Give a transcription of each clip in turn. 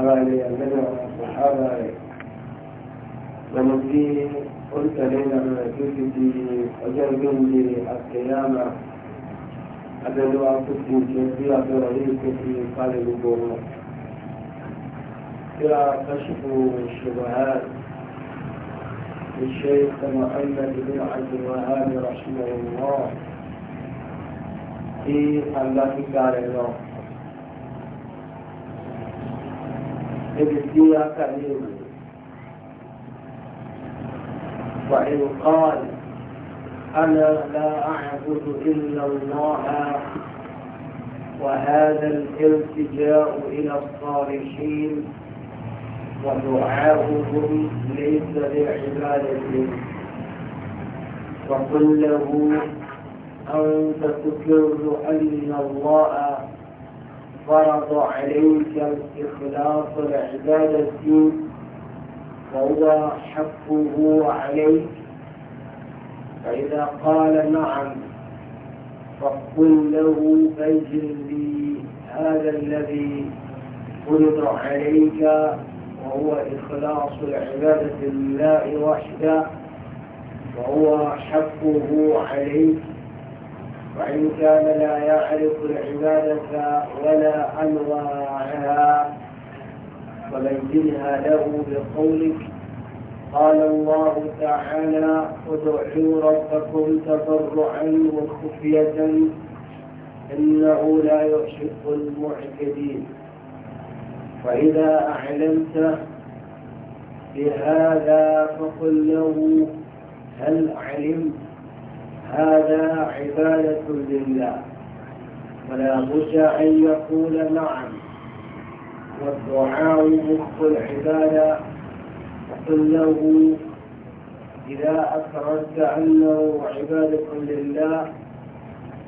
حوالي أننا صحابة ومن في قلت لنا ما تجدي أجل جندي القيامة أدل أنفسي كيفية رأيك في قلب الجمهور إلى كشف الشبهات للشيخ محمد بن عبد الوهاب رحمه الله في الله تعالى الله níbi tí وإن قال أنا لا أعبد إلا الله وهذا الالتجاء إلى الصالحين ودعاؤهم ليس لعبادة وقل له أنت تقر أن الله فرض عليك إخلاص العبادة فهو حقه عليك فإذا قال نعم فقل له أجل لي هذا الذي فرض عليك وهو إخلاص العبادة لله وحده وهو حقه عليك وإن كان لا يعرف العبادة ولا أنواعها فبينها له بقولك قال الله تعالى ادعوا ربكم تضرعا وخفية إنه لا يحب المعتدين فإذا أعلمت بهذا فقل له هل علمت هذا عبادة لله فلا بد أن يقول نعم والدعاء مخ العبادة قل له إذا أكررت أنه عبادة لله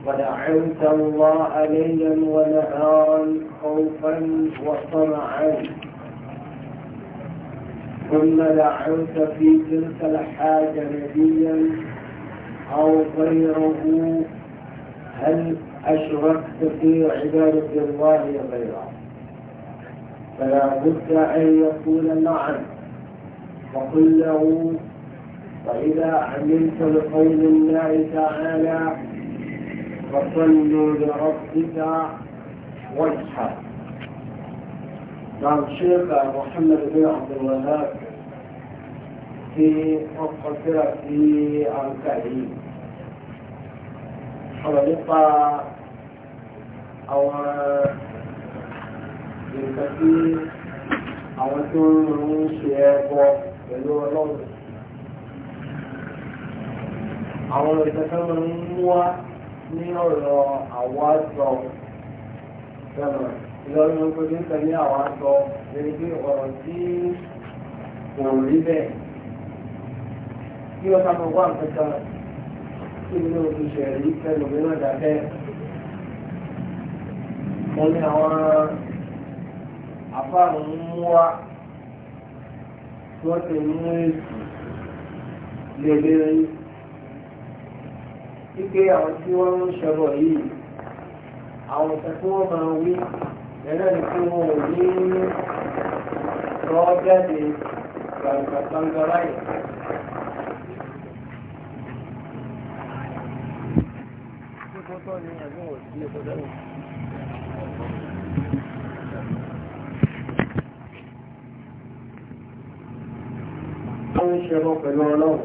ولعنت الله ليلا ونهارا خوفا وطمعا ثم لعنت في تلك الحاجة نبيا أو غيره هل أشركت في عبادة الله غيره فلا بد أن يقول نعم وقل له فإذا عملت بقول الله تعالى فصلوا لربك واشهد نعم شيخ محمد بن عبد الوهاب في القصيرة في التعليم ọ̀rọ̀ nípa àwọn nǹkan tí àwọn tó ń ṣe ẹbọ pẹ̀lú ọlọ́run àwọn nǹkan tó ń wá ní ọ̀rọ̀ àwọn àjọ ìjọba ìlọrin ogun ní pẹ̀lú àwọn àjọ lórí pé ọ̀rọ̀ tí kò rí bẹ́ẹ̀ kí wọ́n sábà wá nǹkan kan tí mi náà ti ṣẹ̀ rí dàbẹ́ wọ́n ní àwọn afáàrùn mú wá wọ́n ti mú èsì lélẹ́rẹ́ wípé àwọn tí wọ́n ń ṣẹbọ yìí àwọn ìtàn tí wọ́n máa wí lẹ́nà ní kí wọ́n ò ní rọ́ jáde gbàgbà gbangba báyìí. ń ṣẹbọ pẹ̀lú ọlọ́run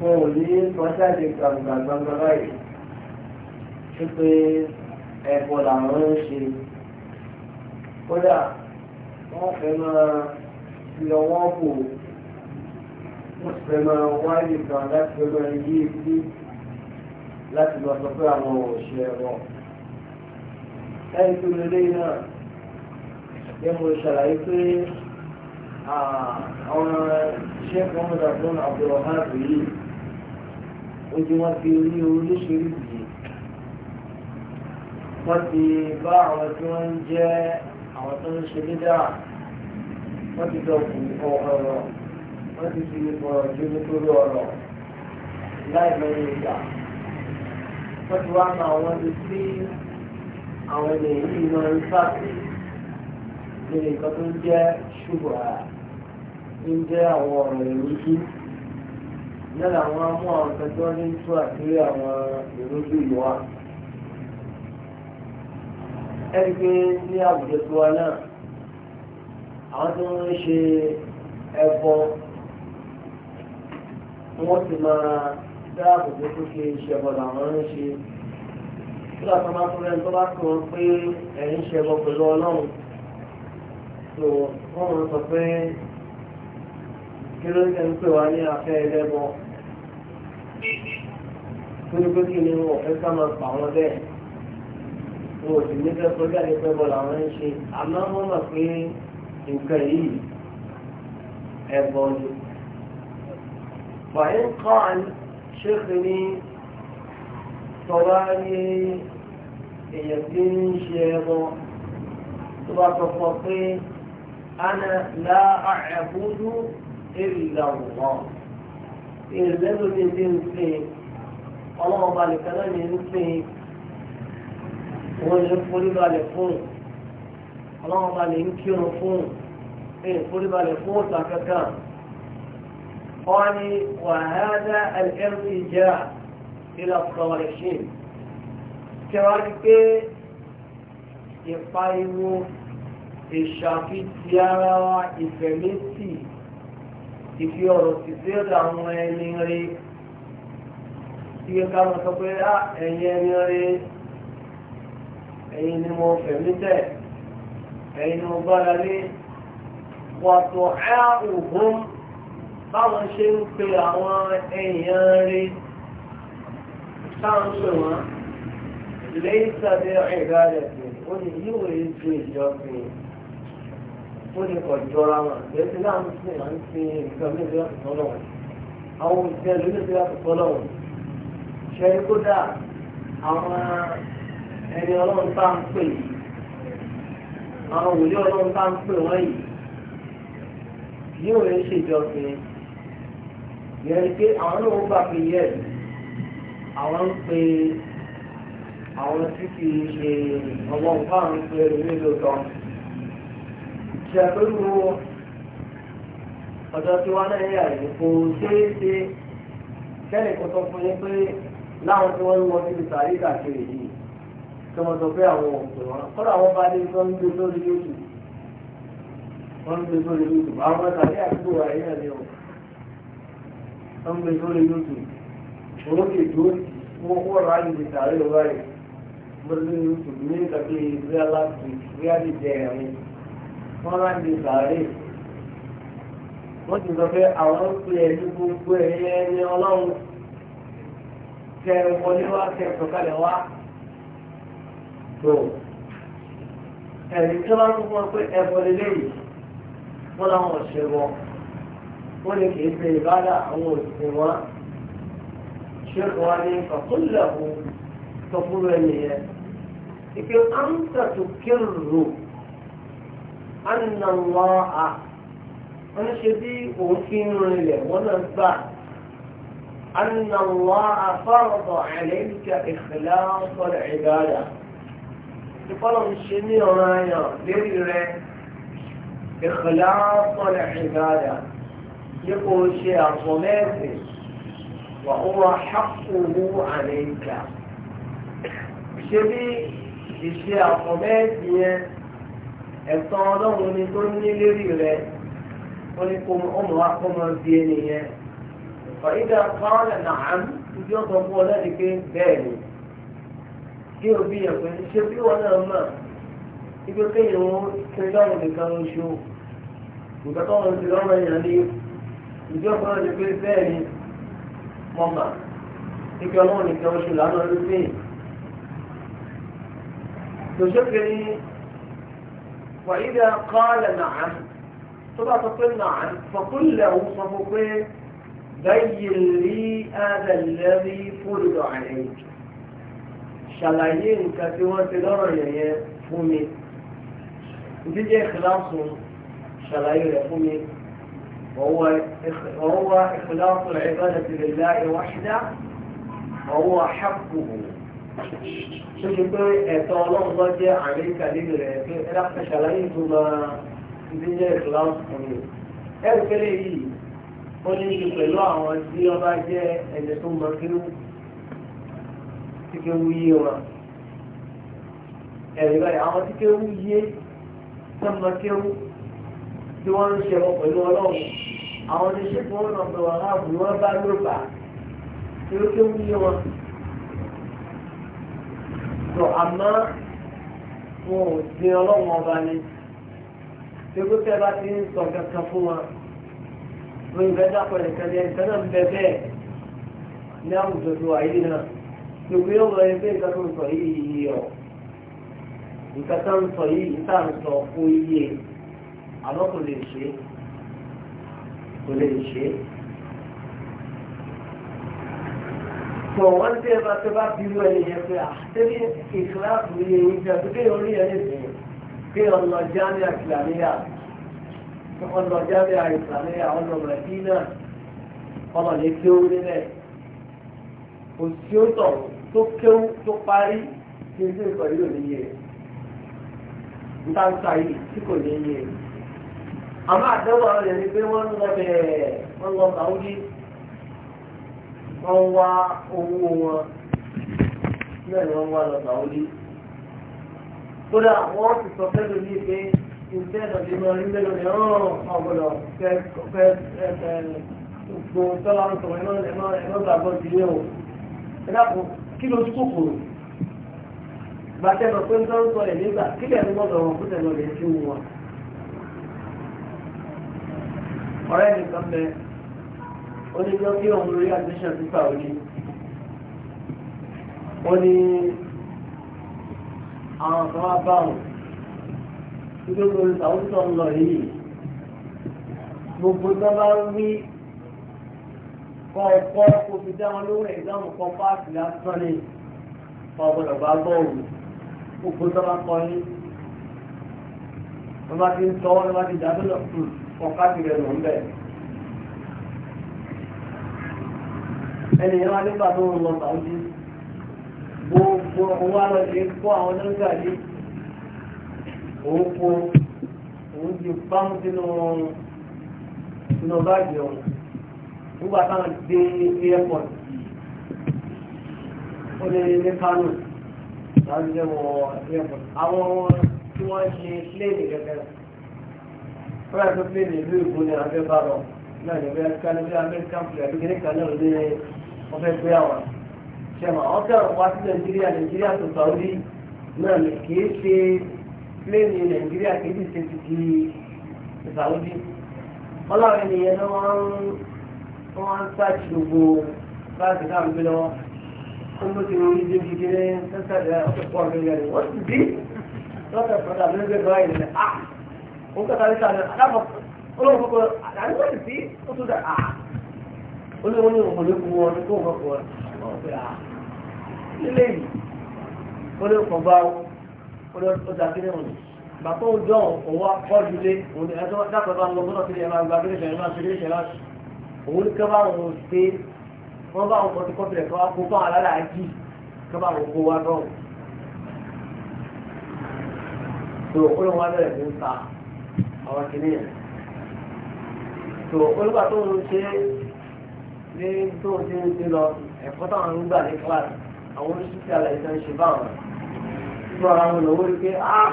wọn ò sọ́jáde gbangba gbangba báyìí ṣé pé ẹ̀bọ làwọn ń ṣe kódà wọ́n fẹ́ máa fi ọwọ́ bò wọ́n fẹ́ máa wáyé kan láti fẹ́ máa láti lọ sọ pé àwọn òṣè wọn. ẹni tó lè léyìn náà yẹ mo ṣàlàyé pé àwọn iṣẹ́ kan mọ̀tà fún àbúrò hàbù yìí ojú wọn fi rí oríṣiríṣi wọ́n ti bá àwọn tí wọ́n ń jẹ́ àwọn tó ń ṣe dídá wọ́n ti jọ kù ọ̀rọ̀ wọ́n ti fi ọ̀rọ̀ jóni tó lọ́ọ̀rọ̀ láì mẹ́rin ìgbà wọ́n ti wá ma àwọn ibi tí àwọn ènìyàn yìí máa ń sáàbì ní nǹkan tó ń jẹ́ ṣùgbọ́n à ń jẹ́ àwọn ọ̀rọ̀ ìrújú lẹ́la àwọn amú àwọn ìtọ́jú ní tú àkírí àwọn ìrújú yìí wá. ẹni pé ní àwùjọ tó wá náà àwọn tó ń ṣe ẹbọ wọ́n ti máa dáàbò tó tó ṣe ìṣẹ̀bọ làwọn ń ṣe nígbà tó bá fún ẹni tó bá kàn án pé ẹ̀yin ṣẹ̀bọ pẹ̀lú ọlọ́run tó wọ́n mọ̀ sọ pé kí ló ń tẹ́ ń pè wá ní afẹ́ ẹlẹ́bọ torí pé kí ni wọ́n fẹ́ ká máa pa wọn bẹ́ẹ̀ wọn sì ní fẹ́ kọjá ní pẹ́ bọ́ làwọn ń ṣe àmọ́ wọ́n mọ̀ pé nǹkan yìí ẹ̀bọ ni ṣéèkì ní tọ́lá ní èèyàn tí ń ṣe ẹbọ tó bá sọ fún ọ pé ana la àbúdú illa Allah ìrìnlẹ́nu ní ti ń sìn ọlọ́wọ́ balẹ̀ kan náà ní ń sìn òun ní forí balẹ̀ fún ọlọ́wọ́ balẹ̀ ń kírun fún ìforí balẹ̀ fún ọ̀tà kankan. قال وهذا الارتجاع إلى الصالحين كذلك يقايم الشافيتيا والفميتي ìfi ọ̀rọ̀ sì sí ọ̀dọ̀ àwọn ẹni rí iye káwọn sọ pé á ah, ẹ̀yin ẹni rí ẹ̀yin ni mo fẹ̀mí tẹ̀ ẹ̀yin ni mo gbára lé wàtò ẹ́ òhun báwọn ṣe ń pe àwọn èèyàn rí táwọn pè wọ́n lẹ́yìn sábẹ́ ẹ̀dá rẹ̀ pé ó ní yíwò ètò ìjọsìn ó ní ọ̀jọ́ra wọn lẹ́sìn náà ń sìn à ń sin nǹkan méjì láti tọ́lọ̀ wọn àwọn òṣìṣẹ́ ló méjì láti tọ́lọ̀ wọn ṣe é kódà àwọn ẹni ọlọ́run tá ń pè yìí àwọn òwúlé ọlọ́run tá ń pè wọ́n yìí yíwò ètò ìjọsìn yẹn pé àwọn náà ń gbà pé yẹ àwọn ń pe àwọn tí kì í ṣe ọwọ́ nǹkan ń pe omi lóòótọ́ ṣàpérò ọ̀dọ́ tí wọ́n náà yà rẹ̀ kò ṣeé ṣe kẹ́lẹ̀ kó sọ fún yín pé láwọn tí wọ́n ń wọ síbi sàárè kàkiri yìí tí wọ́n sọ pé àwọn òǹtọ̀ wọn kọ́dà wọn bá dé tí ń gbé sórí YouTube wọ́n ń gbé sórí YouTube àwọn ọmọ sàárè àdúgbò wa yìí náà ni o wọ́n gbé sórí youtube orókè tó wọ́n kó ọ̀rọ̀ àjèjì tààrí lọ báyìí lórí youtube ní ìtàkì ìgbéyà láti ìgbéyà ti jẹ ẹ̀rín wọ́n rà ní tààrí wọ́n ti sọ pé àwọn ń pè é ní gbogbo ẹ̀yẹ ẹni ọlọ́run kẹ wọlé wá kẹ sọ̀kalẹ̀ wá tó ẹ̀rí tí wọ́n á tún fún ọ pé ẹ̀fọ́ lélẹ́yìn wọ́n láwọn ọ̀ṣẹ́ wọn wọ́n ní kìí ṣe ìbára àwọn òṣìṣẹ́ wọn ṣé wọn ní fàkúnlẹ̀kù sọ fún ẹni yẹn ike amsa tó kírù anamọ́ a wọ́n ṣe bí òun fi ń rinlẹ̀ wọ́n náà gbà anamọ́ a fọ́rọ̀tọ̀ àlẹ́yìnká ìfẹ̀lá sọ̀rọ̀ ìbára ń ṣe ní ọ̀ràn yàn lérí rẹ̀ ìfẹ̀lá sọ̀rọ̀ ìbára dípò ṣe àfọmẹ́sìn wà ó wà hákòó àlẹ́kà ṣé bí ìṣe àfọmẹ́sìn yẹn ẹ̀tọ́ ọlọ́run ni tó ní lérí rẹ̀ ó ní kó ọmọ wa kó mọ bí ẹni yẹn fàyídà kọ́ọ̀lẹ̀ nàám ìdí ọ̀sán fún ọ láti pé bẹ́ẹ̀ ni kí òbí yẹn pé ṣé bí wọn náà mọ̀ ibi kéèyàn ó ṣe lọ́rùn nìkan oṣù nǹkan tó ń ṣe lọ́rùn yẹn ní ìjọ kan náà ti pé bẹ́ẹ̀ ni mo mà ike ọlọ́run nìkan oṣù lánàá ló dé tòṣókè ni wàyídà kọ́ọ̀lẹ̀ nàá tó bá sọ pé nàá fọkúnlẹ̀ òun sọ fún pé báyìí rí fúlùdọ̀ àlẹ́ ṣàlàyé nǹkan tí wọ́n ti lọ́rọ̀ yẹ̀yẹ fún mi ìdíje ìkìláàsùn ṣàlàyé rẹ̀ fún mi. وهو وهو إخلاص العبادة لله وحده وهو حقه ṣíṣe ẹ̀tọ́ ọlọ́run lọ jẹ́ àríkàlẹ́ rẹ̀ pé ẹlẹ́pẹ̀ṣàlàyé tó máa ti jẹ́ ìkìláàsì fún mi. ẹ̀rùkẹ́lẹ́ yìí ó ní ṣe pẹ̀lú àwọn tí ọba jẹ́ ẹni tó mọ kí ó ti ké wúyé wọn. ẹ̀rí báyìí àwọn tí ké wúyé tó mọ kí ó tí wọ́n ń ṣe wọn pẹ̀lú ọlọ́run àwọn oníṣẹ́ tí wọ́n lọ pẹ̀lú aráàbù ni wọ́n bá lóògbà tí ó kéwú yé wọn. tó àmọ́ wọn ò di ọlọ́run ọba ni tí ó tẹ́ bá ti ń sọ kankan fún wọn lórí ìfẹ́ dàpọ̀ nìkan ní ẹnìkan náà ń bẹ bẹ́ẹ̀ ní àwùjọ tó náà tí yóò lọ ẹgbẹ́ nǹkan tó ń sọ yìí yìí ọ̀ nǹkan tó ń sọ yìí nǹkan tó ń sọ fún yìí àmọ́ kò lè ṣe kò lè ṣe. tó wọ́n tẹ́ bá tẹ́ bá bí wọ́n yẹn pé àtẹ́bí ah, ìkíláàsì yẹn yìí jẹ́ pé kéèyàn orí yẹn lè sìn kéèyàn lọ jáde àkìlàníyà ọlọ jáde àkìlàníyà ọlọ rẹ̀ bí náà ọlọ lè kéwú nílẹ̀ kò sí ó tọ̀ tó kéwú tó parí kí n sì sọ yìí ò ní yẹ nígbà yìí tí kò ní yẹ. àmọ́ àdéhùn àwọn èèyàn ni pé wọ́n lọ bẹ̀rẹ̀ wọ́n lọ sàúdí wọ́n wá owó wọn náà wọ́n wá lọ sàúdí kódà wọ́n ti sọ fẹ́lẹ̀ ní pé ìṣẹ́ ìdọ̀dé máa rí mélòó ni ọ̀rọ̀ ọ̀gbọ̀dọ̀ fẹ́ gbogbo tọ́lá ń sọ̀rọ̀ ẹ̀mọ́ ẹ̀mọ́ gbàgbọ́ ti lé o ẹ̀dàpọ̀ kí ló tún kòkòrò gbàtẹ́ lọ pé ń tọ́ ń sọ ẹ̀ nígbà kílẹ̀ ń gbọ́dọ̀ wọn kó tẹ̀lé ọ̀rẹ́ sí ọ̀rẹ́ nìkan bẹ ó ní jọ kí òun lórí admission pípa òní ó ní àwọn kan wá bá òun títí ó lórí sàwùsọ ń lọ yìí gbogbo tó bá ń wí kọ́ ọkọ́ kó fi dá wọn lóhùn ẹ̀gbọ́n kan páàkì lásán ni ọgbọ́dọ̀ bá gbọ́ òun gbogbo tó bá kọ́ ní wọ́n bá ti ń tọ́wọ́ lọ́wọ́ ti dá fún un ọ̀ká ti rẹ̀ lọ ń bẹ̀. ẹnìyàn adébà tó ń lọ sàúdí gbogbo owó alọ́dẹ kó àwọn onígbà yìí òun kó òun di bámu sínú sínú báàgì ọ̀hún nígbà táwọn dé airport ó lé ní Kánò láti jẹ́ wọ airport àwọn tí wọ́n ṣe plane gẹ́gẹ́ rẹ̀ fúláì tó pé ní ìlú ìbò ní abẹ́ bá lọ náà ní ọbẹ̀ kánibí amẹ́ríkàn fúláì tó kéde kan náà lé ọbẹ̀ gbé àwọn ṣẹ̀mà ọ̀tẹ̀ wá sí nàìjíríà nàìjíríà tó sàwọ́dí náà ní kìí ṣe pléènì nàìjíríà kìí ṣe ti di sàwọ́dí ọlọ́run ènìyàn náà wọ́n ń wọ́n ń sáàtì gbogbo báàgì náà gbé lọ́wọ́ ó ló ti rí ibi kékeré sẹ́sẹ̀ rẹ̀ ọ̀pọ̀ nǹkan tàbí sáré àdàpọ̀ olóòwò kò àdàpọ̀ sì sí ó tún dà á ah. olóòwò ní òmòlé kú wọn tó wọn kọ ọ pé à ah. nílé yìí olóòwò kan bá ó dà kílẹ̀ wọn bàtọ́ ń dán òwò akọ́júlé òun ni ẹjọ́ dákọ̀ bá ń lọ bọ́dọ̀ sílẹ̀ máa gba abẹ́rẹ́ ìṣẹ̀lẹ̀ máa ṣeré ìṣẹ̀lẹ̀ òun kẹ́ bá wọn ṣe wọ́n bá wọn kọ́tí kọ́tí rẹ̀ kọ́ kó fún alára àjí kẹ́ wọn kó wá dán. tó olóòwò wa bẹ̀rẹ̀ ń ta àwọn kìnìyàn tó olùgbà tó ń ṣe ní tó ń ṣe ń ṣe lọ ẹ̀kọ́ táwọn ń gbà ní kíláàsì àwọn oníṣẹ́ tí alẹ́ ìtàn ṣe báwọn tó ara wọn lọ́wọ́ rí pé á ah!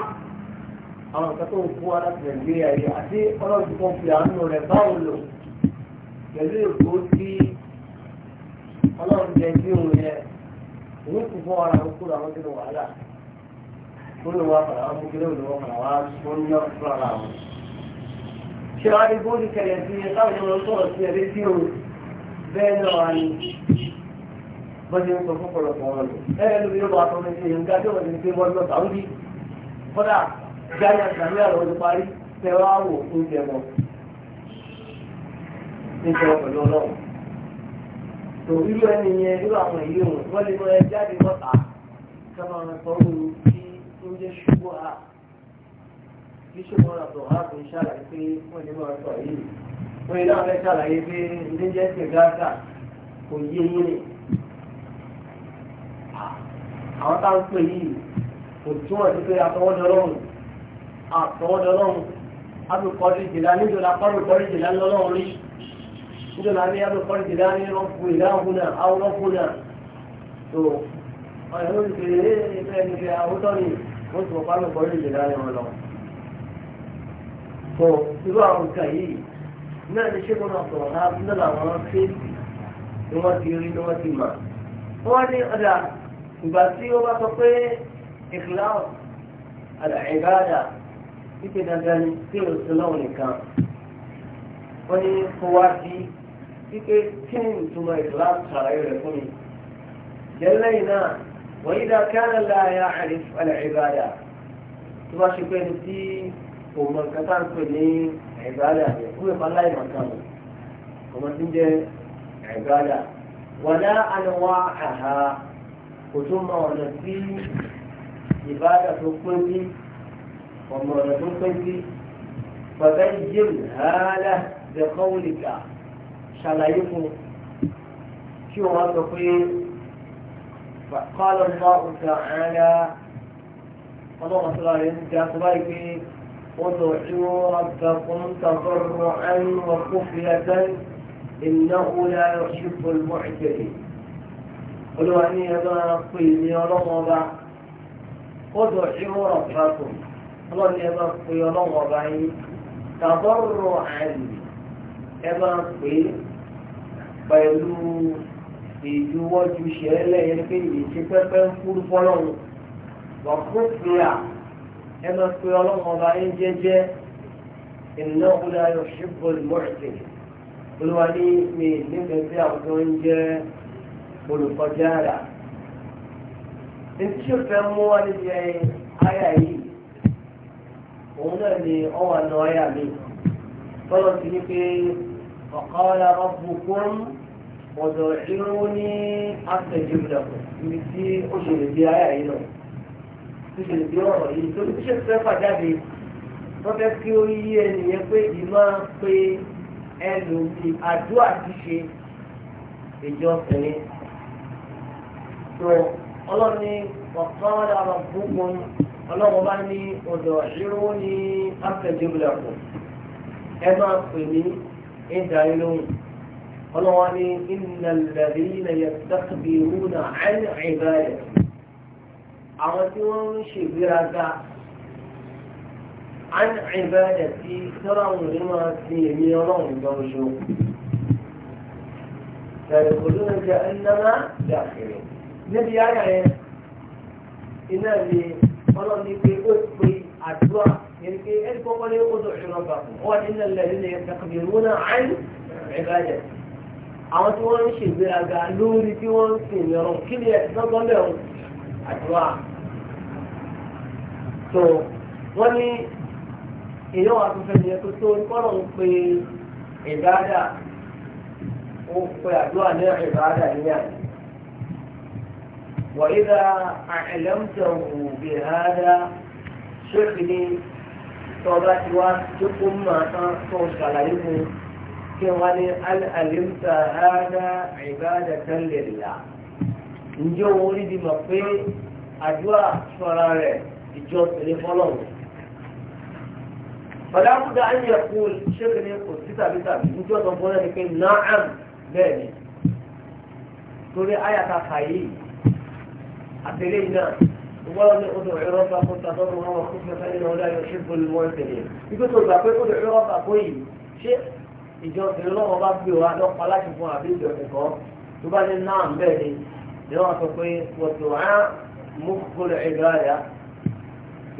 àwọn nǹkan tó ń kú wá nàìjíríà yìí àti ọlọ́run kan fi àánú rẹ̀ báwọn lò pẹ̀lú èkó tí ọlọ́run jẹ sí òun yẹn òun kò fọ́ ara wọn kúrò àwọn kí ni wàhálà kúrò wọn fara wọn kúrò wọn fara wọn kúrò wọn fara wọn fúnra ṣe wá rí bóòlù kẹlẹ̀ sí i táwọn ọmọ sọ̀rọ̀ sí ẹ̀rí tí o bẹ́ẹ̀ náà wà ní bọ́dé ń sọ fún pọ̀lọpọ̀ wọn lò ẹ̀rẹ́ ló yóò bá tọ́lé sí èyí nǹkan tí wọ́n ti gbé bọ́ọ̀lù lọ́sà ó rí kọ́dà gbáyà gbàmíà lọ́wọ́ ti parí tẹ wá wò fún jẹ mọ́ nítorí pẹ̀lú ọlọ́run tó irú ẹni yẹn irú àwọn èyí òun wọ́n lè mọ ẹ jáde lọ́ta kí wọ́n máa sọ níṣẹ́ wọn àtọ̀ arákùnrin ṣàlàyé pé wọ́n ní máa sọ yìí wọ́n ní láwọn fẹ́ ṣàlàyé pé ilé jẹ́ ṣe gáàsà kò yé yín ni àwọn tá ń pè yìí kò túmọ̀ sí pé àtọwọ́dọ́lọ́run àtọwọ́dọ́lọ́run abdulkadir jìlá níjọ la kọ́rùkọ́rì jìlá lọ́lọ́run rí níjọ la ní abdulkadir jìlá ní rọ́pù ìdáhùn náà àwọn rọ́pù náà tó ọ̀yọ́ ló ti pè é ẹ̀ẹ́dẹ́gbẹ̀rẹ́ àwùjọ ni wọ́n ti mọ̀ pálọ̀ kọ́rì jìlá ní wọn lọ́wọ́ tó irú àwọn nǹkan yìí náà ní ṣé wọn sọ̀rọ̀ ha nílò àwọn fèsì ni wọ́n ti rí ni wọ́n ti mà wọ́n ní ọ̀dà ìgbà tí ó bá sọ pé ìkìláwọ̀ àdàìbáàdà wípé dandan ni tí o sì lọ́wọ́ nìkan wọ́n ní kó wípé kí ni ìtumọ̀ ìkìláwọ̀ sàlàyé rẹ̀ fún mi jẹ́lẹ́yìn náà wọ́n yí dá kí á lọ́la ya àlẹ́ ìbáàdà tó bá ṣe pé ní tí kò mọ nǹkan tá à ń pè ní ẹ̀gbádà rẹ̀ fún ìfọ̀ aláìmọ̀ kan o kò mọ tí ń jẹ́ ẹ̀gbádà wàlá àlùwà àhà kò tó mọ ọ̀nà tí ìbádà tó pé sí ọmọ ọ̀nà tó pé sí bàbá ìjẹ́ ìhàlà bẹ̀kọ́wùlìkà ṣàlàyé fún kí wọ́n sọ pé قال الله تعالى اللهم صل على سيدنا ادعوا ربكم تضرعا وخفية إنه لا يحب المعتدين قلوا أني أنا قيل يا رمضة ادعوا ربكم قلوا أني أنا قيل رمضة تضرعا أنا قيل pẹ̀lú ìjuwọ́jú ṣẹlẹ̀ yẹn pé ìṣẹ́pẹ́pẹ́ ń kúrú fọ́lọ́run wà kó fi ẹ lọ pe ọlọ́run ọba yín jẹ́jẹ́ ìnáwó ọ̀la yóò ṣubú mọ́ọ̀tì olúwa ní mi nífẹ̀ẹ́ sí àwọn tó ń jẹ́ olùkọjá àrà ntí o fẹ́ mú wá níbi ayà yìí òun náà ni ọwọ́ àná ayà mi tọ́lọ̀ sí ni pé ọ̀kọ́lá rabbukum ọ̀dọ̀ ìrún ní àtẹ̀jú ìdàpọ̀ ibi tí ó ṣèlérí ayà yìí náà ti lè bí ọ̀rọ̀ yìí torí bí ṣètò ẹ̀fà jáde wọ́n fẹ́ kí ó yí ẹnìyẹn pé ìmọ̀ pé ẹlòmíì àdúrà ti ṣe ìjọ sẹ́yìn. tó ọlọ́ni ọ̀kan ara gbogbo ọlọ́run bá ní ọ̀dọ̀ ìrú ní afẹ́jọ́gbìlẹ̀kùn ẹ máa pè ní ìdá ìlóhùn. ọlọ́wọ́n ní ìnàlẹ́rìí lẹ́yẹ sábìrún náà ẹ̀ ń ìbáyẹ̀ àwọn tí wọ́n ń ṣègbéraga á ń ìbá ẹ̀ sí sọ́dọ̀ àwọn òní máa fi èmi ọlọ́run lọ ṣo. Bẹ̀rẹ̀ kò ló ń jẹ ẹnlẹ́mà dàkìrì. Níbi ayà yẹn, iná ni ọlọ́run ní pé ó pe àdúrà yẹn pé ẹni kọ́kọ́ ní ó dọ̀ ìṣúná bá fún. Wọ́n ní nílẹ̀ nílẹ̀ yẹn tàkìrì múná àìn ìbá ẹ̀ àwọn tí wọ́n ń ṣègbéraga lórí tí wọ́n ń sìn ìrọ̀rùn kí ni ẹ̀ lọ́gbọ́n bẹ̀rù àdúrà so wọ́n ní èyí wà tó fẹ́ẹ́ yẹ tó tó kọ́nà ń pe ìbáàdà ó pe àdúrà ní ìbáàdà ní àná وإذا أعلمته بهذا شغلي tọba ti wá jókòó máa tán tó ṣàlàyé mu kí wọn ní alàlímta hádà ìbáàdà tẹ́lẹ̀ là ǹjẹ́ òun rí di mọ̀ pé àdúrà sọ̀rọ̀ rẹ̀ ìjọ pèlè fọlọ́run. Bàdá Búdà ń yẹ kú ṣéèkì ní kò sí tàbí tàbí níjọ́ tó ń bọ́ pé náàm bẹ́ẹ̀ ni. Torí àyàká kàyé àtẹlẹ́ iná wọ́n ní odò ìrọ́bà kó tàbí wọn kó fẹ́ ṣe wọn tẹ̀lé. Ibi tó gbà pé odò ìrọ́bà kó yìí ṣé lọ́wọ́ bá gbé wa lọ́pàá láti fún àbí tó bá ní náàm bẹ́ẹ̀ ni. Ìjọba sọ pé wọ́n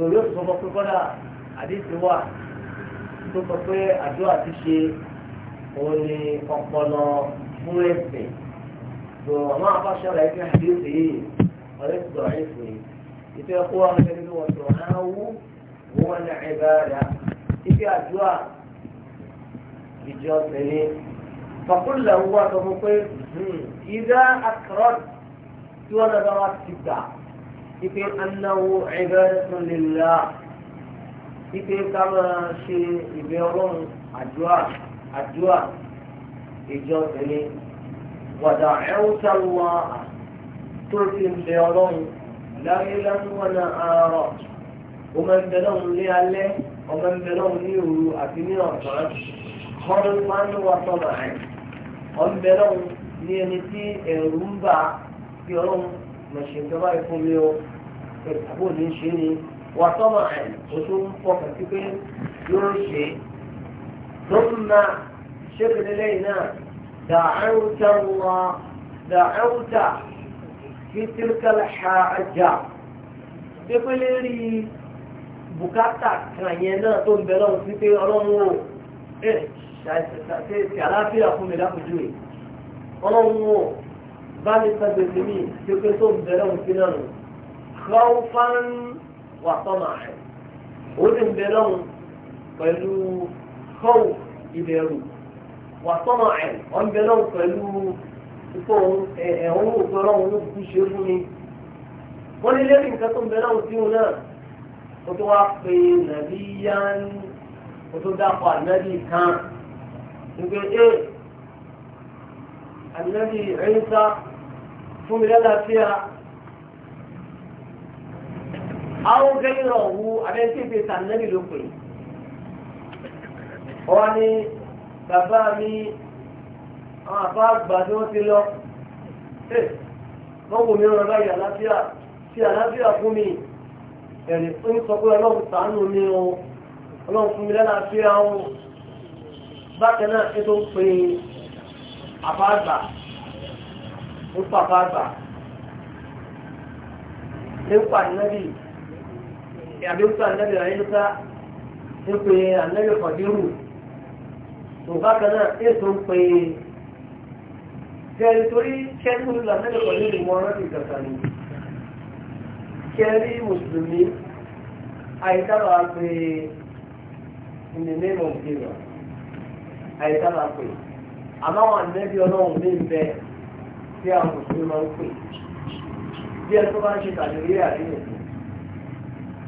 tó yóò tó sọ pé kọ́dà àdéhùn wà tó sọ pé àdúrà ti ṣe òun ni ọpọlọ fún ẹ̀sìn tó àwọn afáṣọ rẹ̀ fi àdéhùn yìí ọ̀rẹ́ ti dọ̀rọ̀ ẹ̀sìn yìí ìfẹ́ kó wa lọ́jọ́ nínú ọ̀sán áwú wọn ní ìbára ibi àdúrà ìjọ tẹ̀lé fàkúlẹ̀ wọ́n sọ fún pé hmm, ìdá àkàrọ̀ tí wọ́n lọ́dọ̀ ti gbà ipe anáwó ẹgbẹ́rún lílá ipe ká máa ṣe ìbẹ̀ ọlọ́run àdúrà àdúrà ìjọ ìní wàdà ẹ̀wùtà wà tó ti ń bẹ ọlọ́run láyé lánàá àárọ̀ ọmọ ń bẹ lọ́run ní alẹ́ ọmọ ń bẹ lọ́run ní òru àti ní ọ̀sán kọ́rin máa ń wà sọ̀rọ̀ ẹ̀ ọmọ ń ní ẹni tí ẹ̀rù ń bà kí ọlọ́run mọ̀ṣẹ̀ńtọ́ báyìí fún o àbò ní ṣe ni wà tọ́mọ̀ ẹ̀ tó tó ń fọkàn sí yóò ṣe tó ń ma ṣé kìnìún lẹ́yìn náà دعوت الله دعوت في تلك الحاجة pípẹ́ lérí bùkátà kàyẹn náà tó ń bẹ lọ́wọ́ sí pé ọlọ́run o ẹ ṣàṣẹ àlàáfíà fún mi lápòjú rẹ̀ ọlọ́run o bá mi sọ gbèsè mi pípẹ́ tó ń bẹ lọ́wọ́ sí náà nù khawfan wa tama'an ó sì ń bẹ lọ́hùn pẹ̀lú kọ́ọ̀ ìbẹ̀rù wa tama'an wọ́n ń bẹ lọ́hùn pẹ̀lú ìfọ̀ ẹ̀hún òkú ọlọ́run ló kú ṣe fún mi wọ́n lé lẹ́yìn nǹkan tó ń bẹ lọ́hùn sí òun náà ó tó wá pe nàbíyán ó tó dápọ̀ ànábì kan nígbè é ànábì Ìsá fún mi lálàáfíà àwọn gẹ́gẹ́ ọ̀hún abẹ́tẹ̀tẹ̀ sànẹ́bì ló pè wọ́n ní bàbá mi àwọn àbá àgbà tí wọ́n ti lọ wọ́n wò mí rọra báyìí àlàáfíà sí àlàáfíà fún mi ẹ̀rì ó ń sọ pé ọlọ́run ṣàánú mi o ọlọ́run fún mi lálàáfíà o bákan náà ṣe tó ń pè àbá àgbà ń pa àbá àgbà ń pa ànábì àdéhùn ànábì àyíká ń pe ànábì fàdírù tó bákan náà èso ń pe kẹrin torí kẹrin tó lọ ànábì fàdírù mọ rántí kàkà ni kẹrin mùsùlùmí àyíká wà pé ìnìyàn ò gbé wọn àyíká wà pé àmọ́ àwọn ànábì ọlọ́run ní ìfẹ́ tí àwọn mùsùlùmí máa ń pè bí ẹ tó bá ń ṣe tàbí rí àríyàn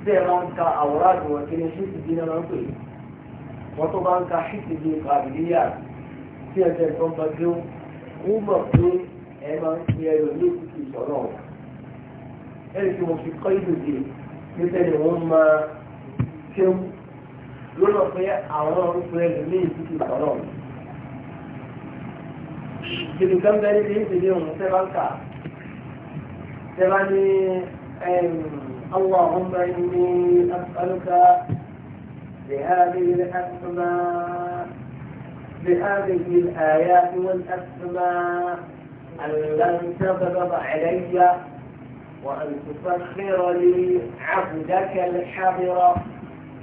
bẹ́ẹ̀ máa ń ka àwòrán àdùnwọ̀ kiri ṣíṣì bí náà ń pè é wọ́n tó bá ń ka ṣíṣì bí kàbíyà tí ẹ jẹ́ nǹkan bá dé wọ́n mọ̀ pé ẹ máa ń pe ẹrù ní ìkùkù ìṣọ̀nà ẹni tí mo fi kọ́ ìdòdì nípa ẹni wọ́n máa kéwù lọ́nà pé àwọn orúkọ ẹrù ní ìkùkù ìṣọ̀nà kìlì kan bẹ́ẹ̀ ní ìdílé òun tẹ́ bá ń kà tẹ́ bá ní اللهم إني أسألك بهذه الأسماء بهذه الآيات والأسماء أن لن تغضب علي وأن تسخر لي عبدك الحبر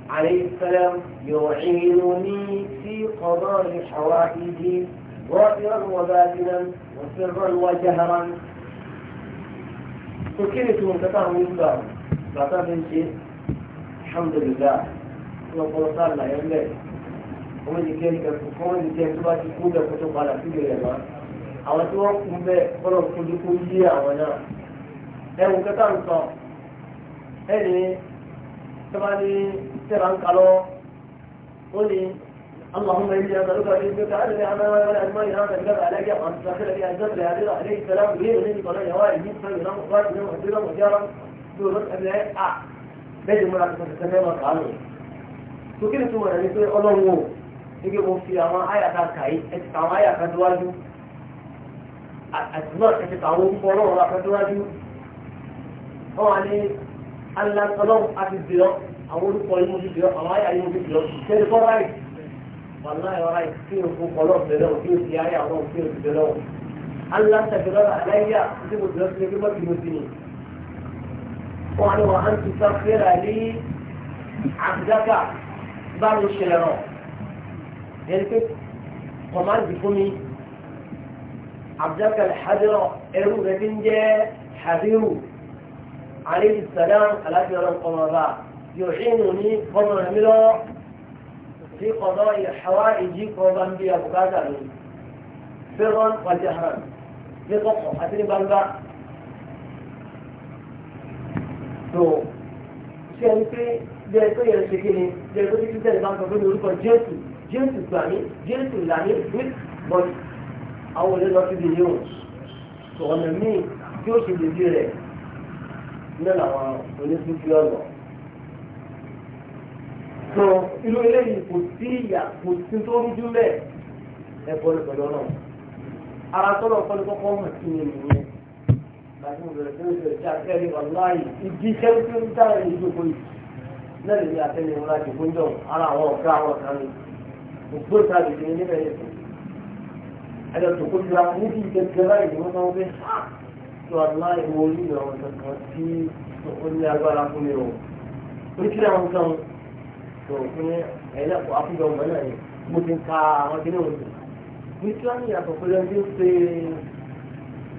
عليه السلام يعينني في قضاء حوائجي ظاهرا وباطنا وسرا وجهرا سكنت وانقطعت من ya, bàtà fi ń ṣe ṣàmùdòdòdà tí wọ́n kọ́ sáà là yẹn bẹ́ẹ̀ wọ́n ti kẹ́ nìkan kó wọ́n ti kẹ́ tó bá ti kú bẹ́ẹ̀ kó tó padà síbi rẹ̀ mọ́ àwọn tí wọ́n kú bẹ́ẹ̀ kọ́lọ̀ fojú kó yé àwọn náà ẹ̀wù kẹta ń sọ ẹni tó bá ní tẹ̀ra ń kalọ́ ó ní اللهم إني أسألك أن يثبت على أعمال الأزمان هذا الجبل عليك وأن تدخل في الجبل هذه عليه السلام غير غير طلع جوائز من خير وقال من وزيرا وزيرا tí o lọ́sẹ̀ lẹ́ à bẹ́ẹ̀ ni mo ra tuntun tuntun mẹ́wàá kà á lò. sókè ní túmọ̀ rẹ̀ ni pé ọlọ́run o nígbà mo fi àwọn àyàká kà yí ẹ ti ta àwọn àyàká díwájú àti náà ẹ ti ta àwọn orúkọ ọlọ́run wa kan díwájú. wọ́n wá ní alá ọlọ́run a ti bìọ́ àwọn orúkọ yìí mo ti bìọ́ àwọn àyà yìí mo ti bìọ́ وأنا وأنت تغفر لي عبدك بعد الشلال هلتك وما عندكمي عبدك الحذر إرو غدنجة حذر عليه السلام على فيرا القمراء يحينني قمر ملو في قضاء الحوائج قضاء بيابكات عليه فرغا والجهران في قصة حسين بانبا tó ṣe ẹni pé jẹ́ pé yẹn ṣe kí ni jẹ́ pé títí tẹ̀lé bá ń sọ pé orúkọ jésù jésù gbà mí jésù là mí with but àwọn olè lọ síbi yìí o tó ọ̀nà míì tí ó ṣe lè di rẹ̀ náà làwọn oníṣúfì ọ̀nà tó irú eléyìí kò sí ìyà kò sí tó rújú mẹ́ẹ̀ ẹ̀kọ́ ní pẹ̀lú ọ̀nà ara tó lọ kọ́kọ́ hàn sí ni nìyẹn bàtí mo bẹ̀rẹ̀ fún ìbẹ̀rẹ̀ tí a fẹ́ rí wàláyé ìdí iṣẹ́ tó ń dá ìjókòó yìí náà lè ní àtẹnudẹ wọn láti kó ń dọ̀ ara àwọn ọ̀gá àwọn kan ní ògbó ìtàgé kìíní níbẹ̀ yẹn tó ẹ̀dọ̀ tó kó jura níbi ìgbẹ́gbẹ́ báyìí wọ́n máa ń tó àdúrà ìwọ orí ìrànwọ́ kankan tí ó ní agbára fún mi o oríṣiríṣi àwọn kan tó fún ẹ̀yìn àpò àfihàn ọmọ náà yẹn mo ti ń ka àwọn kìíní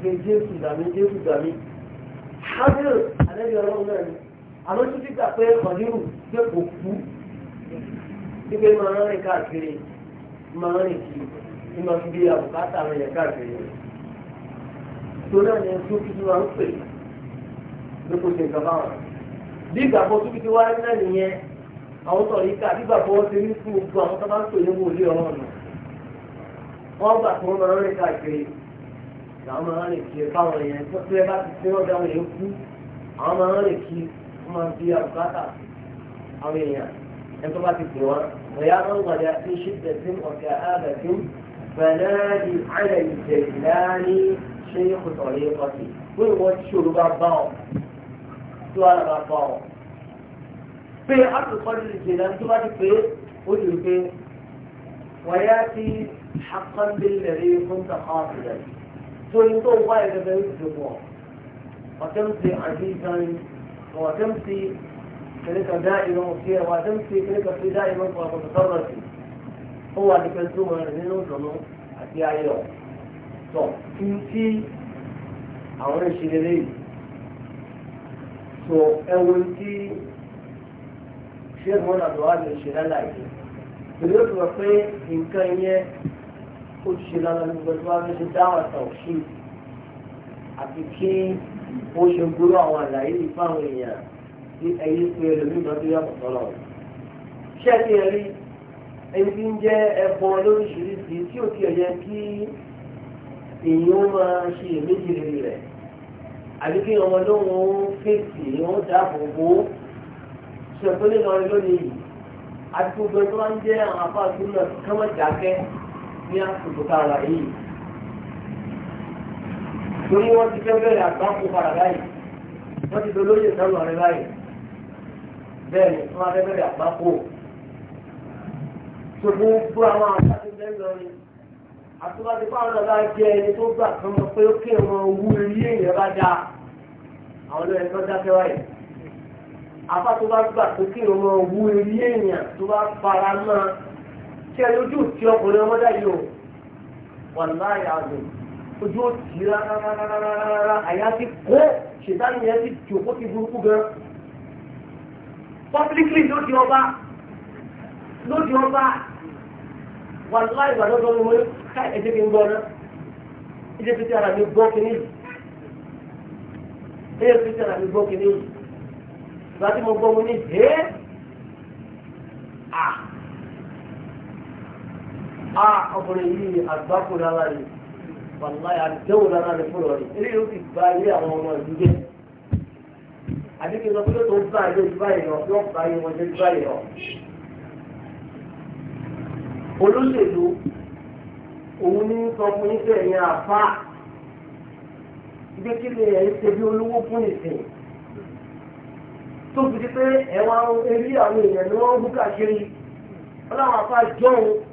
pé jésù dàmí jésù dàmí hádìrò àlẹ́bí ọlọ́run náà ni àmọ́ tó ti gbà pé kọ̀dírù pé kò kú pípé máa rìn káàkiri máa rìn kiri ní máa fi bí àbùkátà rẹ̀ káàkiri tó náà ni tó fi ti máa ń pè kò ṣe nǹkan báwọn bí tó fi ti náà nìyẹn àwọn tó bí ṣe ní fún gbogbo àwọn tó ń pè ní wòlíì wọ́n gbà máa rìn káàkiri. àwọn máa ń rìn kiri fáwọn èèyàn tó tó ẹ bá ti fẹ́ràn dáwọn èèyàn kú àwọn máa ń rìn kiri wọ́n máa ń fi àbùkátà àwọn èèyàn ẹni tó bá ti pè wọ́n ọ̀yá máa ń wàdí àti ṣíṣẹ́ sí ọ̀kẹ́ ààbẹ̀tún fẹ̀lẹ́ẹ̀dì àlẹ́ ìjẹ̀láni ṣé kòtò lè kọ́sì pé wọ́n tí olú bá bá ọ̀ tó ara bá bá ọ̀ pé àtúkọ́dé ìjẹ̀láni tó bá ti pé ó lè pé wọ́yá ti حقا بالذي كنت قاصدا torí tó wá ìrẹ̀lẹ̀ ìdìbò وتمشي عزيزا وتمشي كذلك دائما فيها وتمشي كذلك في دائما وتتطرق هو اللي كنتم منه ظنوا àti ayọ̀ tó kí n tí àwọn ìṣẹ̀lẹ̀ lẹ́yìn tó ẹwọ tí ṣé mọ́nà tó wà lè ṣe láláyé. Ìlú tó wà pé nǹkan yẹn ó ṣe lọ́nà gbogbo tí wọ́n fi ṣe dáwọ̀ tàwùsí àti kí ó ṣe gbúrú àwọn àlàyé yìí fáwọn èèyàn tí ẹ̀yìn pé ẹlòmíì lọ́dún yàtọ̀ sọ́lọ̀ ṣé ti rí ẹni tí ń jẹ́ ẹbọ lóríṣiríṣi tí ò ti ẹ̀yẹ kí èyí máa ṣe èméjì rẹ̀ àbí kí ọmọ lóhun ó fèsì ó dáàbò bò ó ṣe pé nínú ọ̀rẹ́ lónìí yìí àti gbogbo ẹni tó ń jẹ́ àwọn afáàtúndà kí wọ́n dákẹ́ ní àsìkò tá a wà yìí torí wọ́n ti fẹ́ bẹ̀rẹ̀ àgbáǹkó padà báyìí wọ́n ti dolóyè sọ́nù ọ̀rẹ́ báyìí bẹ́ẹ̀ ni wọ́n fẹ́ bẹ̀rẹ̀ àgbáǹkó ṣòfò fún àwọn àṣàtì bẹ́ẹ̀ lọ́rin àtúbàtì fáwọn ọ̀dọ́ bá jẹ́ ẹni tó gbà kan mọ̀ pé ó kí wọn wú ilé èèyàn bá dáa àwọn olóyè tó dákẹ́ wáyé afá tó bá gbà tó kí wọn wú ilé èèyàn tó bá fara náà kí ẹni ojú ti ọkùnrin ọmọdé yìí o wàláyé àdùn ojú ó tì í rárá àyà ti kó ṣètàn yẹn ti jòkó ti burúkú gan publicly ló di ọba ló di ọba wàláyé ìgbà lọ́dọ̀ ọmọ yẹn ká ẹ̀jẹ̀ kí n gbọ́ náà ẹ̀jẹ̀ fi ti ara mi gbọ́ kínní ẹ̀jẹ̀ fi ti ara mi gbọ́ kínní ìgbà tí mo gbọ́ mo ní hẹ́ẹ́ ah a ọkùnrin yìí àgbákò lára rẹ̀ wàlá àdéhùn lára rẹ̀ fúnra rẹ̀ eré yóò fi gba ilé àwọn ọmọ ìlú jẹ́ àdéhùn ìlú pé tó ń bá ilé ìgbà yìí lọ yóò bá ilé wọn jẹ́ ìgbà yìí lọ. olóṣèlú òun ní sọ fún yín pé ẹ̀yin àfa ibi kí ni ẹ̀yin ṣe bí olówó fún ìsìn tó fi di pé ẹ̀wọ̀n eré àwọn èèyàn ni wọ́n ń bú káàkiri ọlọ́run àfa jọ̀hún.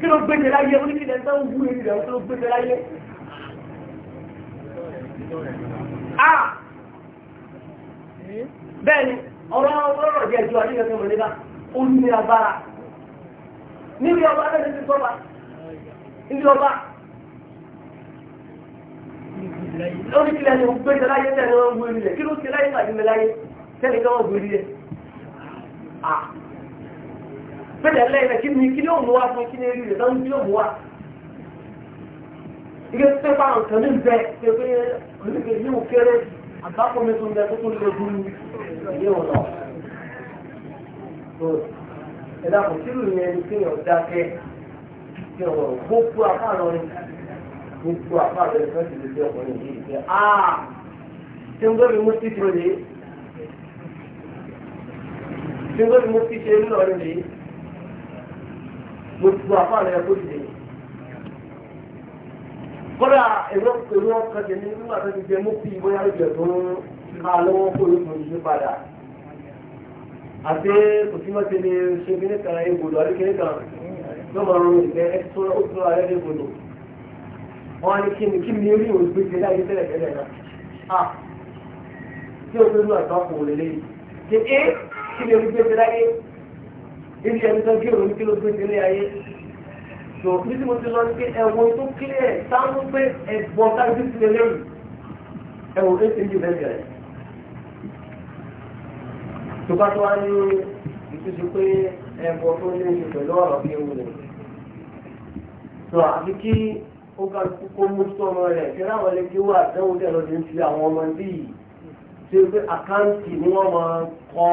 kí ló gbé jẹlá yẹ oníkìlẹ̀ ń tán wú èyí rẹ̀ tó gbé jẹlá yẹ. a bẹ́ẹ̀ ni ọ̀rọ̀ ọlọ́rọ̀ jẹ́ ìjọ àdéhùn ẹ̀sìn òmìnira ó ní agbára níbi ọba abẹ́rẹ́ ti sọ́ba níbi ọba oníkìlẹ̀ ni gbé jẹlá yẹ tẹ̀lé wọn wú èyí rẹ̀ kí ló ti láyé tàbí mẹ́láyé tẹ̀lé kí wọ́n gbé èyí rẹ̀ bẹ́ẹ̀ lẹ́yìn rẹ̀ ni kí ni ó mú wá fún kí ni eré rẹ̀ lọ́nà kí ó mú wá. Ike tó bá ní bẹ pé pé oníke yìí ò kéré àbákò mi tún bẹ tó tún lè dúró ní ìwọ̀n lọ. Ẹ dàpọ̀ kí ló yẹ kí ni ọ̀dà kẹ́ kí ọ̀rọ̀ gbogbo àpárọ̀ rẹ̀ gbogbo àpárọ̀ rẹ̀ fẹ́ ti lè fi ọkùnrin yìí pé á ṣé ń gbọ́dọ̀ mú títí rẹ̀ ṣé ń gbọ́dọ̀ mú títí rẹ̀ lọ́rẹ̀ mo ti gbọ́ àpá rẹ̀ kó dìde. kọ́dà èrò pẹ̀lú ọkàn tẹ̀lé nígbà tó ti jẹ mú bí bóyá ìjọ tó ń ká lọ́wọ́ kó ló tó ń ṣe padà. àti kò sí mọ́ ti lè ṣe kí nìkan egbòdò àti kí nìkan ló máa rún ìgbẹ́ ẹ tó ó tó ara ẹ̀ egbòdò. wọ́n á ní kí ni kí ni orí òun gbé láyé tẹ́lẹ̀ tẹ́lẹ̀ náà. tí o tó lù àtàkùn òlélẹ́yìn. kí ni orí gbé láyé ibi ẹni tó kírun ní kí ló gbé sílé ayé tó ní tí mo ti lọ sí ẹ̀wọ̀n tó kílẹ̀ táwọn pé ẹ̀gbọ́n tájú sílẹ̀ lẹ́yìn ẹ̀wọ̀n tó ti ń jù lẹ́yìn rẹ̀ tó bá tó wá ní ìtúsí pé ẹ̀gbọ́n tó ní ìṣe pẹ̀lú ọ̀rọ̀ bí ewu rẹ̀ tó àfi kí ó ká kó mú sí ọmọ rẹ̀ kí láwọn lè kí wà dẹ́wọ́ dẹ́ lọ́dẹ ń àwọn ọmọ bíi ṣe pé àkáǹtì ni wọ́n máa kọ́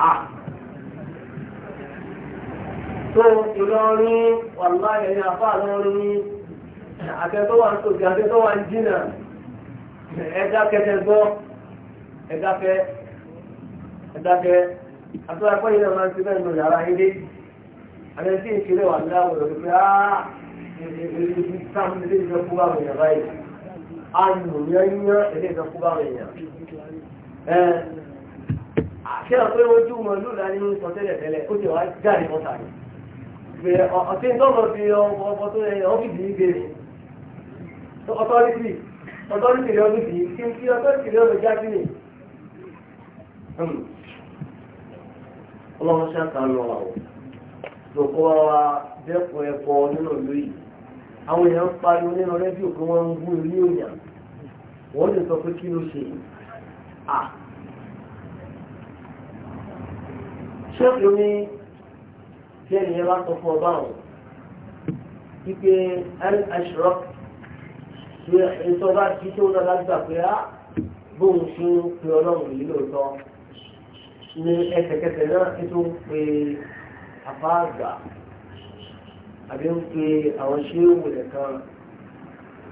Ah. tó ìlọrin wàlá ẹni àfáà lọrin ní akẹ́tọ́wà ń tòkè akẹ́tọ́wà ń jìnà ẹ̀dá kẹtẹ gbọ́ ẹ̀dá kẹ ẹ̀dá kẹ àtúwà pẹ́ yìí náà máa ń ti bẹ́ẹ̀ nù yàrá ilé àti ẹni tí ìṣẹ̀lẹ̀ wà láwùjọ ló fi á èdè sáà ní ilé ìjọ kú báwọn èèyàn báyìí àṣẹ pé ojú mọ̀lú la ní sọ tẹ́lẹ̀ tẹ́lẹ̀ ó ti wá jáde mọ́ta ni pé ọtí ńlọ́mọ fi ọkọ tó yẹ ọ́fíìsì yìí gbére ọtọ́rìtì ọtọ́rìtì rẹ ọdún yìí kí n fi ọtọ́rìtì rẹ ọdún já sí ni. Hmm. ọlọ́run ṣàkànnù àwọ̀ lóko wa wa dẹ́kun ẹ̀kọ́ nínú ìlú yìí àwọn èèyàn ń pariwo nínú rẹ́díò pé wọ́n ń gún ilé òyìn wọ́n lè sọ pé kí ló ṣe à ṣéèkì ní tí ènìyàn bá sọ fún ọba àwọn wípé ẹni aṣọ́rọ́ pé ìtọ́ba ah, tí tó lọ lágbà pé á bóun ṣe ń pe ọlọ́run yìí lóòótọ́ ní ẹsẹ̀kẹsẹ̀ náà ètò ń pe àfáàgbà àbí ń pe àwọn ṣéèwò nìkan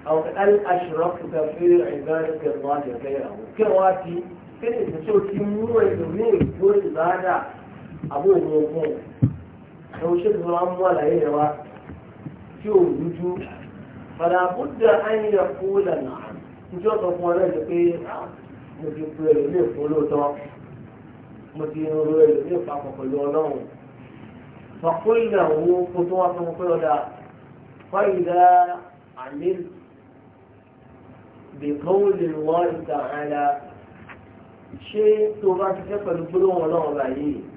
àwọn ẹni aṣọ́rọ́ kò kà fi ìgbàlódé kẹwàá lè fẹ́ yàwó kẹwàá ti kéde ìtúnṣe ti mú ẹlòmíì gbóyè bá dáa àbúrò ní ẹgbẹ́ ẹ̀ ẹ̀wọ̀n ṣé tuntun máa ń mú àlàyé rẹ̀ wá tí ò lójú padà àbúdà ayẹyẹ kú lànà níjọ́ sọ fún ọ náà ni pé mo ti pe ẹlòmíì fún lóòótọ́ mo ti ro ẹlòmíì papọ̀ pẹ̀lú ọlọ́run fàkóyìnà wo kó tó wá fún pé ọ̀dà fáyìlà àlè bìkọ́wùlì wọ́n ìtàn àlà ṣé tó bá ti fẹ́ pẹ̀lú gbólóhùn ọlọ́run báyìí.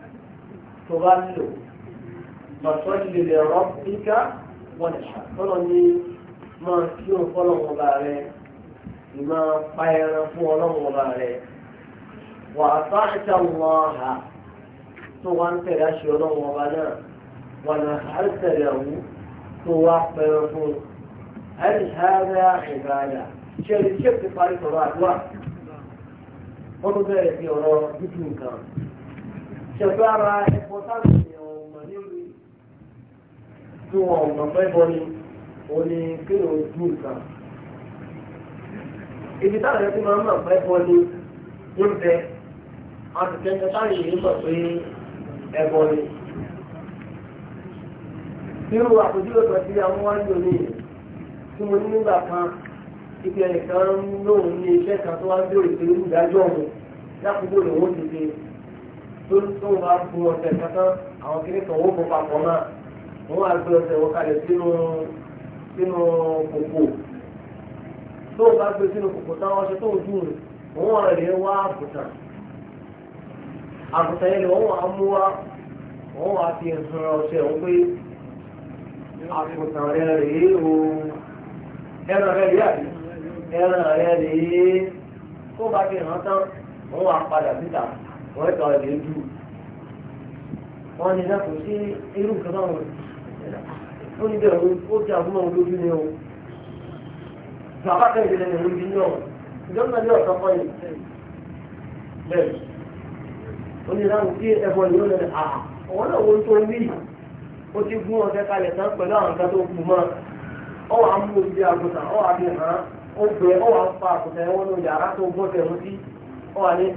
تغسل فصل لربك وانحر فرني ما كيو فلو مباري ما فاير فلو مباري وأطعت الله تغن تغش يدو مبنى ونحرت له تغفر فرني هل هذا عبادة؟ شيء شفت فريق الرعب وقت قلت له يا كان ṣẹ̀fẹ́ ara ẹ̀fọ́ táwọn èèyàn ọ̀mọ̀ nílùú tí wọn ọ̀mọ̀ fẹ́ bọ́ ni òun ni kéèyàn ojú nǹkan. ibi táwọn ẹ̀fọ́ máa ń mọ̀ fẹ́ bọ́ ni oúnjẹ àtìkẹ́kẹ́ táwọn èèyàn mọ̀ pé ẹ̀bọ ni. irú àpòjúlò kan tí àwọn wá ń lò ní tí mo ní nígbà kan ibi ẹnìkan ní iṣẹ́ kan tó wá tó bá fún ọ̀sẹ̀ kankan àwọn kìnnì kan wọ́n kó papọ̀ náà wọ́n á gbé ọ̀sẹ̀ wọ́n kalẹ̀ sínú sínú tó bá gbé sínú kòkò táwọn ọṣẹ tó ń dùn wọ́n rẹ̀ lè wá àbùtàn àbùtàn yẹn ni wọ́n wà mú wá wọ́n wà fi hàn ọṣẹ òun pé àbùtàn rẹ̀ rèé o ẹran rẹ̀ rèé àbí ẹran rẹ̀ rèé tó bá fi hàn tán wọ́n wà padà síta wọ́n tọ́ lè dù wọ́n ní láti ṣe irú nǹkan náà ó ní bẹ́ẹ̀ ó ti àbúrò wọn lójú ni o bàbá kan ìdílé ní orí náà ìjọba ní ọ̀sán kọ́ ni bẹ́ẹ̀ ó ní láti ṣe ẹ̀fọ́ yìí ó lẹ́nu à ọ̀wọ́n náà wo tó wí ó ti gún ọ̀sẹ̀ kalẹ̀ tán pẹ̀lú àwọn nǹkan tó kù mọ́ ọ wà á mú ojú àgùntàn ọ wà á fi hàn ó gbẹ ọ wà á fa àgùntàn ẹ̀wọ́n ní yàrá tó gbọ́ tẹ̀rù sí ọ wà ní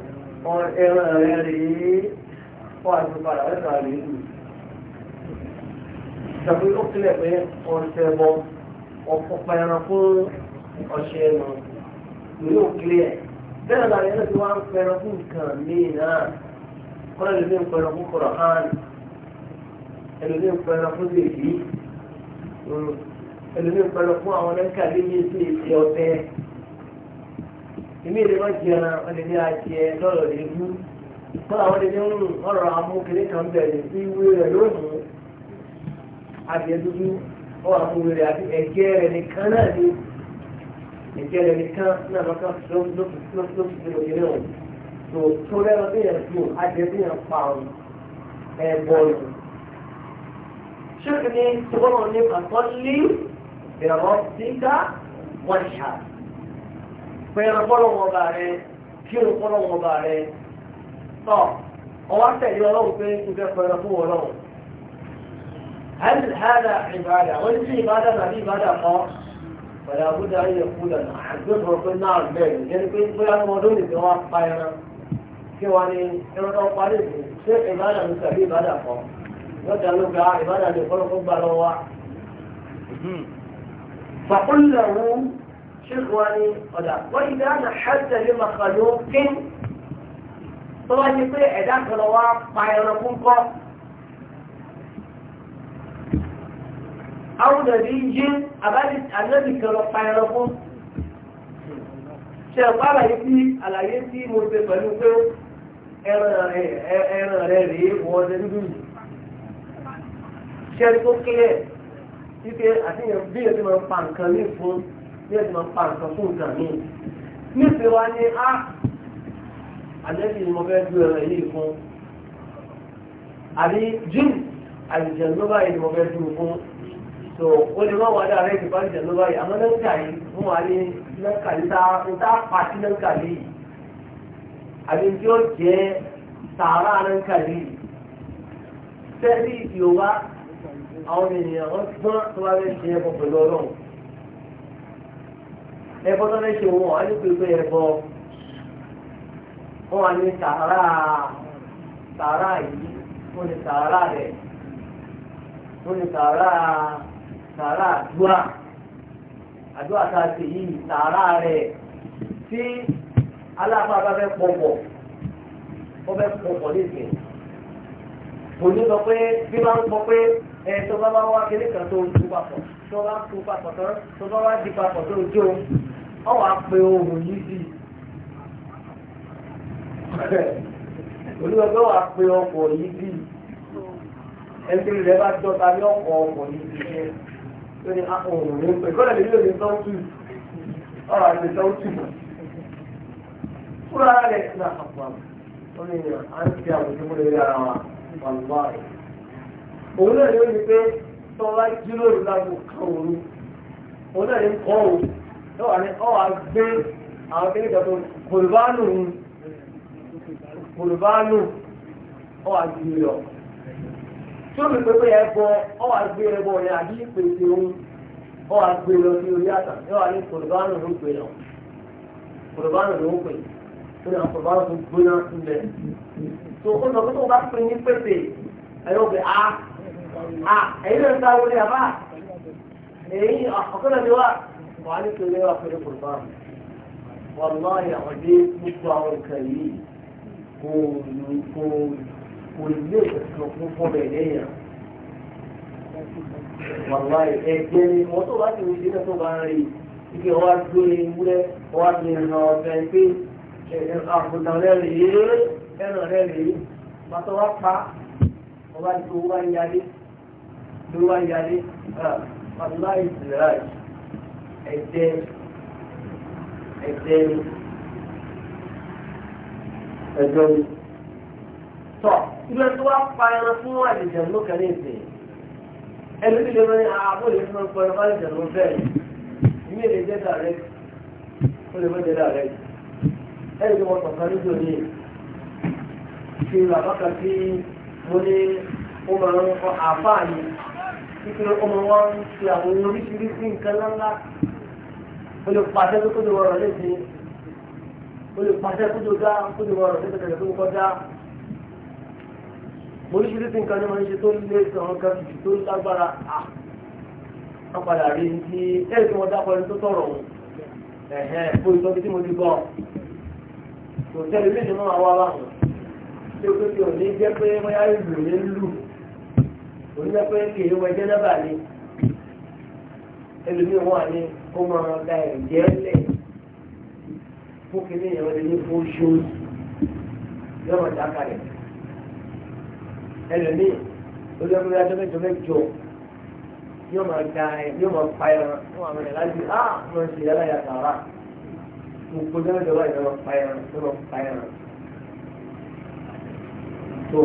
ẹran rẹ̀ rèé wọ́n àti padà ẹ̀sà rèé lù ìjọba ó kílẹ̀ pé ọ̀sẹ̀ bọ ọ̀pọ̀ ẹran fún ọ̀sẹ̀ ẹnu ìlú òkìlẹ̀ bẹ́ẹ̀ náà ẹran tí wọ́n ń pẹran fún nǹkan míì náà kọ́lá lè ní pẹran hmm. fún àwọn ẹ̀ka lè ní ìsìn ìsìn èmi ìlú wọn jẹ ẹran wọn lè lọ́rọ̀ lè mú fún àwọn lè ní ọ̀rọ̀ amúkiri kan bẹ̀rẹ̀ sí ìwé rẹ̀ lónìí àjẹ dúdú ọ̀rọ̀ amúwé rẹ̀ àti ẹ̀jẹ̀ rẹ̀ nìkan náà ni ẹ̀jẹ̀ rẹ̀ nìkan náà lọ́kàn lọ́kùnrin pẹ̀rẹ̀ fọ́lọ́wọ́ bá rẹ kí o fọ́lọ́wọ́ bá rẹ tọ́ ọwọ́ tẹ̀lé ọlọ́run pé kí o fẹ́ pẹ̀rẹ̀ fún ọlọ́run هل هذا عبادة وإنسي عبادة ما في عبادة قاء فلا بد أن يقول أنا حذفه في النار الليل يعني كنت كل هذا موضوع الدواء قاينا كواني كما لو قالت سير عبادة من سبيل عبادة قاء وقالوا قاء عبادة لقول قبة لواء فقل له ṣírkù wa وإذا ọ̀dà wọ́n yìí dáná ṣáàtì lè máa kàn ló kín tó bá ti pé ẹ̀dá kan lọ wá pa ẹran fún kọ́. àwọn dàbí yí àbájáde ànábì kan lọ pa àlàyé tí àlàyé tí mo ṣe pẹ̀lú pé ẹran rẹ̀ rèé wọ́n ṣe dúdú yìí. tó kílẹ̀ wípé àti bí èsì máa ń pa nǹkan ní fún bí ẹ̀sìn máa pa nǹkan fún nǹkan míì nífẹ̀ẹ́ wa ni a àlẹ́bí ni mo fẹ́ du ẹ̀rọ yìí fún àbí jim àlìjẹ̀ ló báyìí ni mo fẹ́ du fún so ó lè má wà dá rẹ̀ ìdìbò àlìjẹ̀ ló báyìí àmọ́ lẹ́ńkà yìí fún wa ní lẹ́ńkà yìí tá tá pàṣẹ lẹ́ńkà yìí àbí tí ó jẹ́ sàárà lẹ́ńkà yìí sẹ́ẹ̀lì Yorùbá àwọn ènìyàn wọ́n gbọ́n tó wá fẹ́ ṣe ẹ̀kọ́ pẹ̀lú Ọlọ́run ẹbọ tó fẹ́ ṣe wọn wà ní pípé ẹbọ wọn wà ní sàárà sàárà yìí wọn ní sàárà rẹ wọn ní sàárà sàárà àdúrà àdúrà tá a ṣe yìí sàárà rẹ tí aláfa bá fẹ́ pọ̀pọ̀ wọ́n fẹ́ pọ̀pọ̀ lẹ́sìn kò ní sọ pé bí wọ́n sọ pé ẹ̀ tó bá wá kékeré kan tó ń tú papọ̀ tó bá tú papọ̀ tán tó bá wá di papọ̀ tó ń jó ọ pé ohun yìí sí olúwa wà pé ọkọ̀ yìí sí ẹgbẹ́ rẹ̀ bá jọta ní ọkọ̀ ọkọ̀ yìí sí ẹ lórí ohun rẹ̀ pé kọ́lẹ̀ mi lórí sọ́ọ̀tù ọ̀rọ̀ àti sọ́ọ̀tù fúra rẹ̀ ní àpapọ̀ wọn ni à ń fi àwùjọ mọ́ lórí ara wa wàlúwà rẹ̀ òun náà ni ó ní pé tọ́lá jíròrò lágbo kan òun náà ni ń kọ́ òun tó wà ní ọwà gbé àwọn kí ní kẹtọ bùrùbánù bùrùbánù ọwà gbé e lọ tí ó mi pé pé ẹbọ ọwà gbé ẹbọ yẹn àbí pèsè ohun ọwà gbé e lọ sí orí àtà ní ọwà ní bùrùbánù ló gbé lọ bùrùbánù ló ń pè tó ní àwọn bùrùbánù tó gbóná ńlẹ tó ó lọ pé tó bá pè ní pèsè ẹ̀rọ bẹ̀ á ẹ̀yìn ló ń ta wọlé àbá èyí ọ̀kọ́lẹ̀ ni وعليك اللي هو في القرآن والله عجيب مطلع الكريم كل كل كل يسكن فوقينيا والله ẹgbẹ́ni wọ́n tó bá ti wù sílẹ̀ tó bá ń rí ike wá gbé ewúrẹ́ wá gbé ẹ̀nà ọ̀fẹ́ pé àgùntàn rẹ̀ rèé ẹ̀nà rẹ̀ rèé pàtó wá pa ọba tó wá ń yálé ló wá ń yálé pàtó láì sí ráì ẹ̀jẹ̀ ẹ̀jẹ̀ ni ẹ̀jẹ̀ ni tọ́ ilé tó wá pa ẹran fún àlejò ló kẹ́lẹ́ ìsìn ẹni tí lè mẹ́rin àbó lè fún ọkọ ẹran àlejò ló bẹ́ẹ̀ ìmí lè jẹ́ direct ó lè mẹ́jẹ direct ẹni tí wọ́n kọ̀ọ̀kan níjò ní ìṣe làbákan tí mo ní ó máa ń kọ́ àfáà yìí títí ọmọ wa ń ṣe àwọn oríṣiríṣi nǹkan ńláńlá ó lè pàṣẹ tó wọ̀rọ̀ léṣe ó lè pàṣẹ kódò dá kódò wọ̀rọ̀ léṣe tẹ̀lé tó kọjá oríṣiríṣi nǹkan ni wọ́n ṣe tó lé sọ̀rọ̀ kan jù tó lágbára à wọ́n padà rí i ti ẹ̀rí tí wọ́n dákọ̀ ẹni tó tọ̀rọ̀ òun ẹ̀hẹ́n fún ìtọ́jú tí mo ti gbọ́ kò tẹ́lẹ̀ ilé ìṣẹ́ náà wá láwọn tí ó pé kí òní jẹ́ pé wọ́n yá ìlú ní lù òun jẹ́ pé kì í wọ ẹjẹ́ náà ní ẹlòmíì wọn àní kó máa da ẹ̀jẹ̀ lẹ̀ fún kìíní ìyẹn wọn lè ní fún ṣóòṣì yọ̀rọ̀ dákàlẹ̀ ẹlòmíì ó lé ọmọdé ajọ́ mẹ́jọ mẹ́jọ yóò máa da ẹ̀ yóò máa pa ẹran fún àwọn ẹ̀ láti á ah, wọn ṣe yàrá yàtọ̀ rà gbogbo dáná jọba ìjọba pa ẹran yóò máa pa ẹran tó.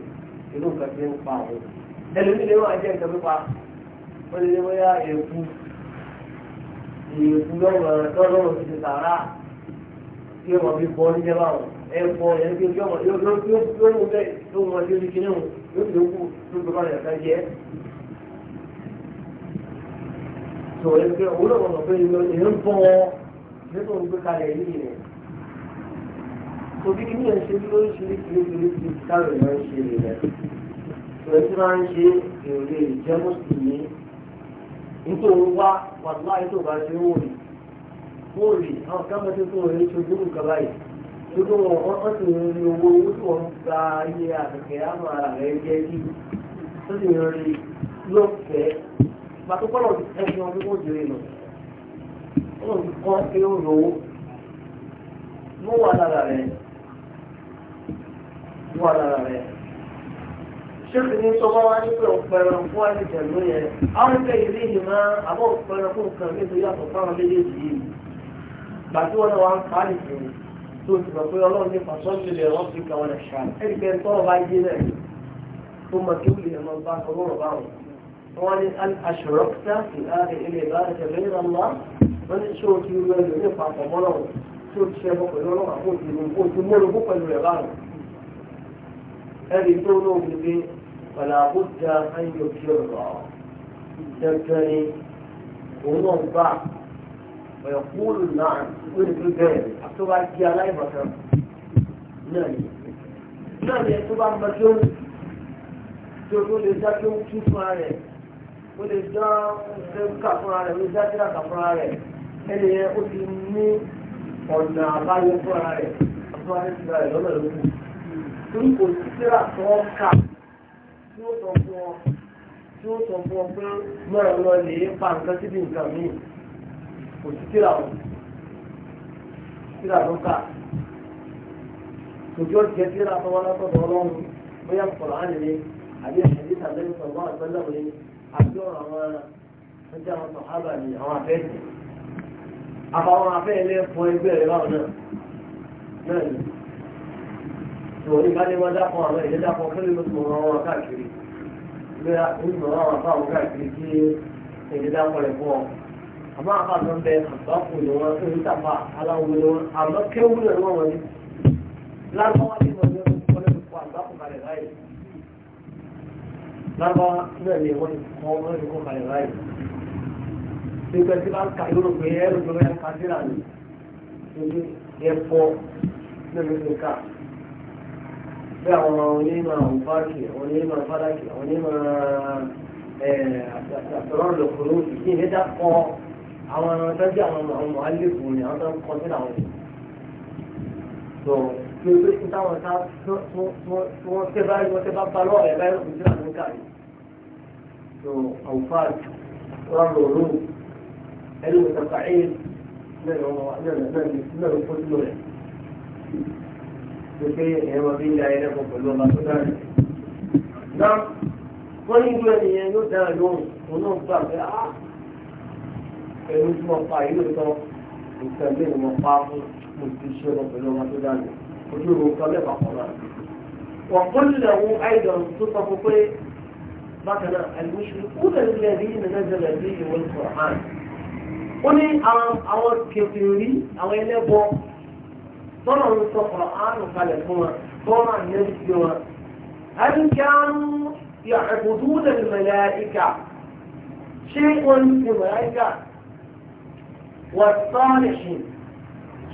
irú nǹkan tí ń pa àwọn ẹlòmíì lè máa jẹ́ nǹkan pípa ó lè ní bóyá èkú èkú lọ́wọ́ ti ti sàrà tí ọmọ fi bọ́ níjẹ́ báwọn ẹ̀fọ́ yẹn tí ọmọ yóò ló mú bẹ́ẹ̀ tó mú ọdún ní kíní òun yóò tó kú tó tó bá yàtá jẹ́ tó ẹgbẹ́ òun náà mọ̀ pé ìyẹn ń bọ́ nítorí pé kalẹ̀ yìí nìyẹn òbí kí ní ẹ̀ ṣe ló ń ṣe lóṣìlóṣìlóṣì táwọn èèyàn ń ṣe rẹ̀ rẹ̀ tí wọ́n ń ṣe èrè ìjẹ́ mùsùlùmí nítorí wá wàlúwà ètò bá ṣe wò rí wò rí àwọn kan bẹ́ẹ̀ tó rí ṣojú nǹkan báyìí ṣojú wọn wọ́n sì ń rí owó owó tí wọ́n gba ilé àtẹ̀kẹ́ àmọ́ ara rẹ̀ jẹ́ kí ó sì ń rí lọ́fẹ̀ẹ́ pàtó kọ́lọ̀ ẹ̀sìn ọdún wọ́n jẹ́ lọ wọ́n kọ́ pé ó lówó wọ́n wà lára rẹ̀ wà lára rẹ̀ ṣéèkì ní tó bá wá ní pé ọ̀pẹ̀rẹ̀ fún àìjẹ̀lú yẹn àwọn ìfẹ́ ìlú yìí máa àbọ̀ ọ̀pẹ̀rẹ̀ fún nǹkan mi tó yàtọ̀ fáwọn méjèèjì yìí gbàtí wọn wá ń pa á nìkan tó ti sọ pé ọlọ́run ní fàṣọ́ọ̀tì lè rọ́ọ̀tì káwọn lè ẹni pé tọ́rọ̀ bá yé náà tó mọ kí ó lè mọ bá ọlọ́rọ̀ bá wọn. wọ́n ní aṣọ̀rọ̀kítà sí ààrẹ ilẹ̀ ìbára ẹni tó ló ń gbé ọ̀làbùdà ayò kí ó lọ dandan ni òun náà bá ẹ̀kúlù náà ó lè fi bẹ́ẹ̀ tó bá di aláìmọ̀tán náà ni náà ni tó bá mọ tó tó tó lè dá tó tú fúnra rẹ̀ ó lè dá ṣẹ́ńkà fúnra rẹ̀ ó lè dá ṣẹ́ńkà fúnra rẹ̀ ẹni yẹn ó ti ní ọ̀nà àbáyọ fúnra rẹ̀ àbúrò àti ìgbà rẹ̀ lọ́nà ló torí kò sí síra tó ń kà tí ó sọ fún ọ tí ó sọ fún ọ pé mọ̀ràn lọ lè pa nǹkan síbi nǹkan míì kò sí síra ọ̀ síra tó kà tòjú ọ̀jẹ̀ síra tó wọn lọ́sọ̀dọ̀ ọlọ́run bóyá kọ̀ọ̀rọ̀ á nìyẹn àbí ẹ̀ṣẹ̀dí tàbí ìfọ̀gbọ́n àgbẹ̀lẹ̀ òní àbí ọ̀rọ̀ àwọn ẹja àwọn sọ̀hábà ni àwọn afẹ́ẹ̀sì àbáwọn afẹ́ẹ̀lẹ́ fún ẹgbẹ́ rẹ̀ báwọn náà náà tòun nípa ní wọ́n dápọ̀ àwọn ìdí dápọ̀ kí ló mọ̀ wọn káàkiri bí wọ́n mọ̀ ọ́n wọn fáwọn káàkiri kí ìdí dápọ̀ rẹ̀ fún ọ. àmọ́ àfàtàn bẹ àbáfò ni wọ́n ń tàfà aláwo ni wọ́n àmọ́ kéwú ni wọ́n wọlé lárúbáwá ni wọ́n yọ wọ́n lè kó àgbákò kalẹ̀ láyè lárúbáwá náà ni wọ́n kọ́ wọ́n lè kó kalẹ̀ láyè. nígbà tí wọ́n kà yóò gbé ẹrù tó yẹ bí àwọn onímọ̀ òǹfààkì onímọ̀ fàdákì onímọ̀ àtọ̀rọ̀ lòkòrò ìdí ìdẹ́ta kọ àwọn tọ́jú àwọn ọmọ alẹ́kùn ni àwọn tó ń sínú àwọn ènìyàn. tó o tó ń táwọn tá tó wọ́n tẹ́ bá wọ́n tẹ́ bá bá lọ́wọ́ ẹ̀ báyìí lọ́kùnrin sílẹ̀ àmúkà yìí. tó àwùfáàkì àtọ̀rọ̀ lòrò ẹlòmọ̀tàkà ẹ̀yìn náà ló pé ẹ̀yẹ́ wọn fi ń da ẹ̀rẹ́ kan pẹ̀lú ọba tó dáre. náà wọ́n ní ìlú ẹnìyẹn yóò dára lóhùn òun náà gbà pé á ẹ̀rú tí wọ́n pa yìí lóòótọ́ nǹkan ilé ni wọ́n pa fún mo ti ṣe ọba pẹ̀lú ọba tó dáre ojú ìwò nǹkan mẹ́fà kan náà. wọ́n kọ́ lílẹ̀ wọn àìdàn tó sọ fún pé bákan náà àlùmíṣẹ́ kúlẹ̀ lílẹ̀ القرآن وقال لهم قرآن هل كانوا يعبدون الملائكة شيء من الملائكة والصالحين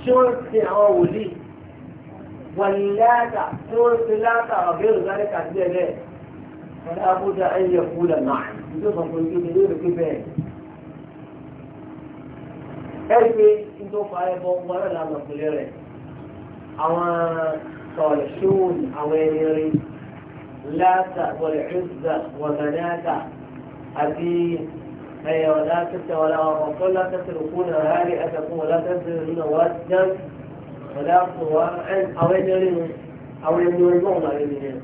شرط تعاولي واللاتة شرط لاتة غير ذلك أجل فلا بد أن يقول نعم يجب أن يقول كيف كيف كيف كيف كيف كيف كيف كيف كيف àwọn sọ̀rọ̀ ṣóun àwọn ẹni rí láta wọlé ṣùgbà wọ̀gánáta àbí ẹ̀yà ọ̀dà tẹ̀sẹ̀ wọlé ọ̀kọ́ látẹ̀sẹ̀ lókun náà rárí ẹ̀sẹ̀kún wọlé tẹ̀sẹ̀ lónà wá jẹ́ wọlé àtúwá àwọn ẹni rí àwọn ẹni rí bọ́ọ̀ máa rí nìyẹn.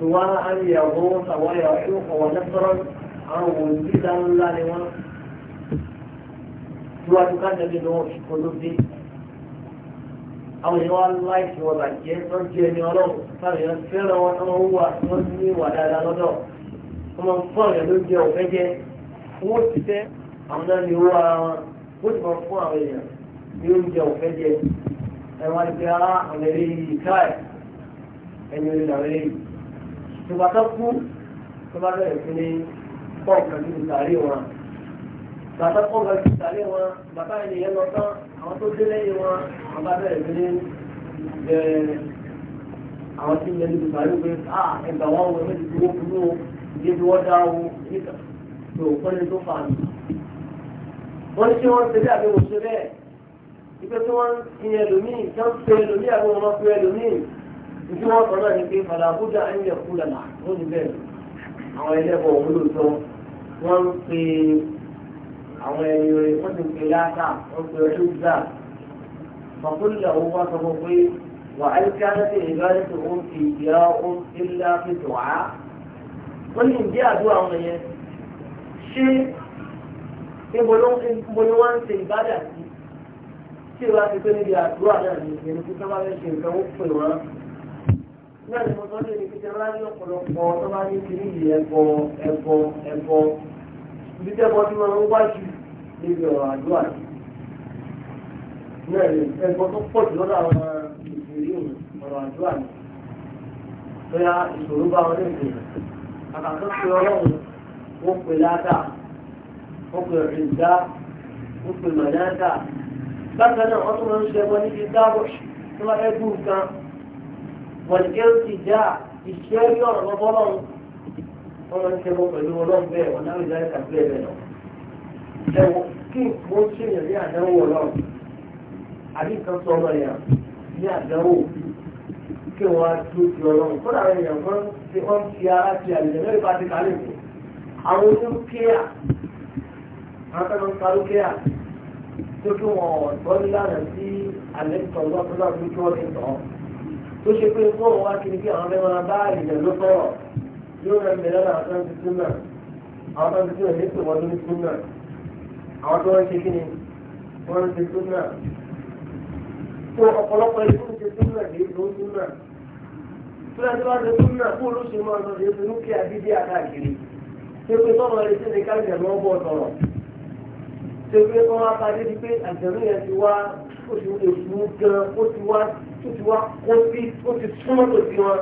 سواء يغوص ويعوق ونصرا أو وجدا لا لمن سواء كان بنوح قلوبي àwọn èèyàn wá láìsí wọn bàjẹ́ tó jẹ́ ẹni ọlọ́run táwọn èèyàn fẹ́ràn wọn tó ń wà tó ń ní ìwà dáadáa lọ́dọ̀ wọn máa ń fọ́ ọ̀rẹ́ ló jẹ òfẹ́ jẹ wọ́n ti fẹ́ àwọn náà ní owó ara wọn wọ́n ti máa fún àwọn èèyàn ní oúnjẹ òfẹ́ jẹ ẹ̀wọ̀n á ti fi ara ah, àwọn eré yìí káì ẹni orí làwọn eré yìí tòbá tó kú tó bá bẹ̀rẹ̀ sí ní pọ́ǹkà ní ìtàrí wọn bàtà pọ́ǹkà wọn bàtà ènìyàn lọ tán àwọn tó dé lẹ́yìn wọn wọ́n bá bẹ̀rẹ̀ pé ẹ àwọn tí ń yẹ níbi sàárè pé à ẹgbà wọn wọ ẹgbẹ́ ìdúró burú o ìdíyẹ bí wọ́n dá o níta tó pẹ́lú tó fà mí. wọ́n ní kí wọ́n ṣe bí àbí wọ́n ṣe bẹ́ẹ̀ ipe tí wọ́n ń yẹ lómìn tí wọ́n ń pe lómìn àbí wọ́n máa pe lómìn ìdí wọn sọ náà ní pé fàlàbúdà ń yẹ kú lànà wọ́n ní bẹ́ẹ̀ àwọn ẹlẹ́bọ̀ olóòótọ́ wọ́n ń pe wọ́n ti pe láàkà wọ́n فقل له وتفقيه وهل كانت عبادتهم إياهم إلا في الدعاء قل إن جاء دعاء من شيء ìmọ̀lọ́wọ́n ṣe ìbádà sí tí ìwà ti pé níbi àdúrà náà ní ìyẹn kí sábà fẹ́ ṣe nǹkan ó pè wọ́n náà ni mo sọ ní ibi tí ní ọ̀pọ̀lọpọ̀ tó bá ní kiri yìí ẹ̀bọ ẹ̀bọ ẹ̀bọ ibi tẹ́bọ tí wọ́n ń wájú níbi ọ̀rọ̀ àdúrà sí náà bákan náà wọ́n tún máa ń ṣe ẹgbọ́n níbi dábọ̀ tó bá fẹ́ gbú nǹkan wọ̀nìkẹ́rù ti dá ìṣẹ́ rí ọ̀rọ̀ lọ́bọ́ lọ́run wọ́n máa ń ṣe ẹgbọ́n pẹ̀lú ọlọ́run bẹ́ẹ̀ wọ́n náà rí láì àbí kan sọ ọmọ yẹn ní àdánwò kí wọ́n á tó ti ọlọ́run kó dàrú èèyàn kan tí wọ́n fi ara ti àlejò mẹ́rin bá ti kálẹ̀ fún àwọn oníkéà àwọn tó ń parọ́ kéà tó kí wọ́n ọ̀tọ́ nílànà sí àlejò ọlọ́run tó ń tó ọdún tán tó ṣe pé fún òun wá kiri kí àwọn fẹ́ máa bá ìjọ ló sọ̀rọ̀ yóò rẹ̀ mẹ́rẹ́ náà tó ń ti náà àwọn tó ń ti náà ní ìpè wọn ló ń náà àwọn tó ń ṣe kí ni wọ́n ń ti náà tó ọ̀pọ̀lọpọ̀ ìlú ti súnmọ̀ ní ìlú súnmọ̀ tó láti bá ti súnmọ̀ fún olóṣèlú ọ̀nà ìlú tó kí àbídí àkàkiri tó pé tọ́mọ rẹ̀ sí ní káàkiri ọmọ ọgbọ̀ sọ̀rọ̀ tó pé wọ́n wá parí di pé àjẹ̀mú yẹn ti wá oṣù èkú gan ó ti wá ó ti wá ó ti ó ti súnmọ́ tó ti wọn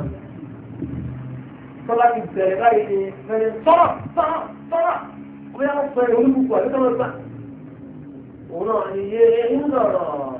tó ti bẹ̀rẹ̀ báyìí ni fẹ́rẹ̀ sọ̀rọ̀ sọ̀rọ̀ sọ̀rọ̀ bóyá wọ́n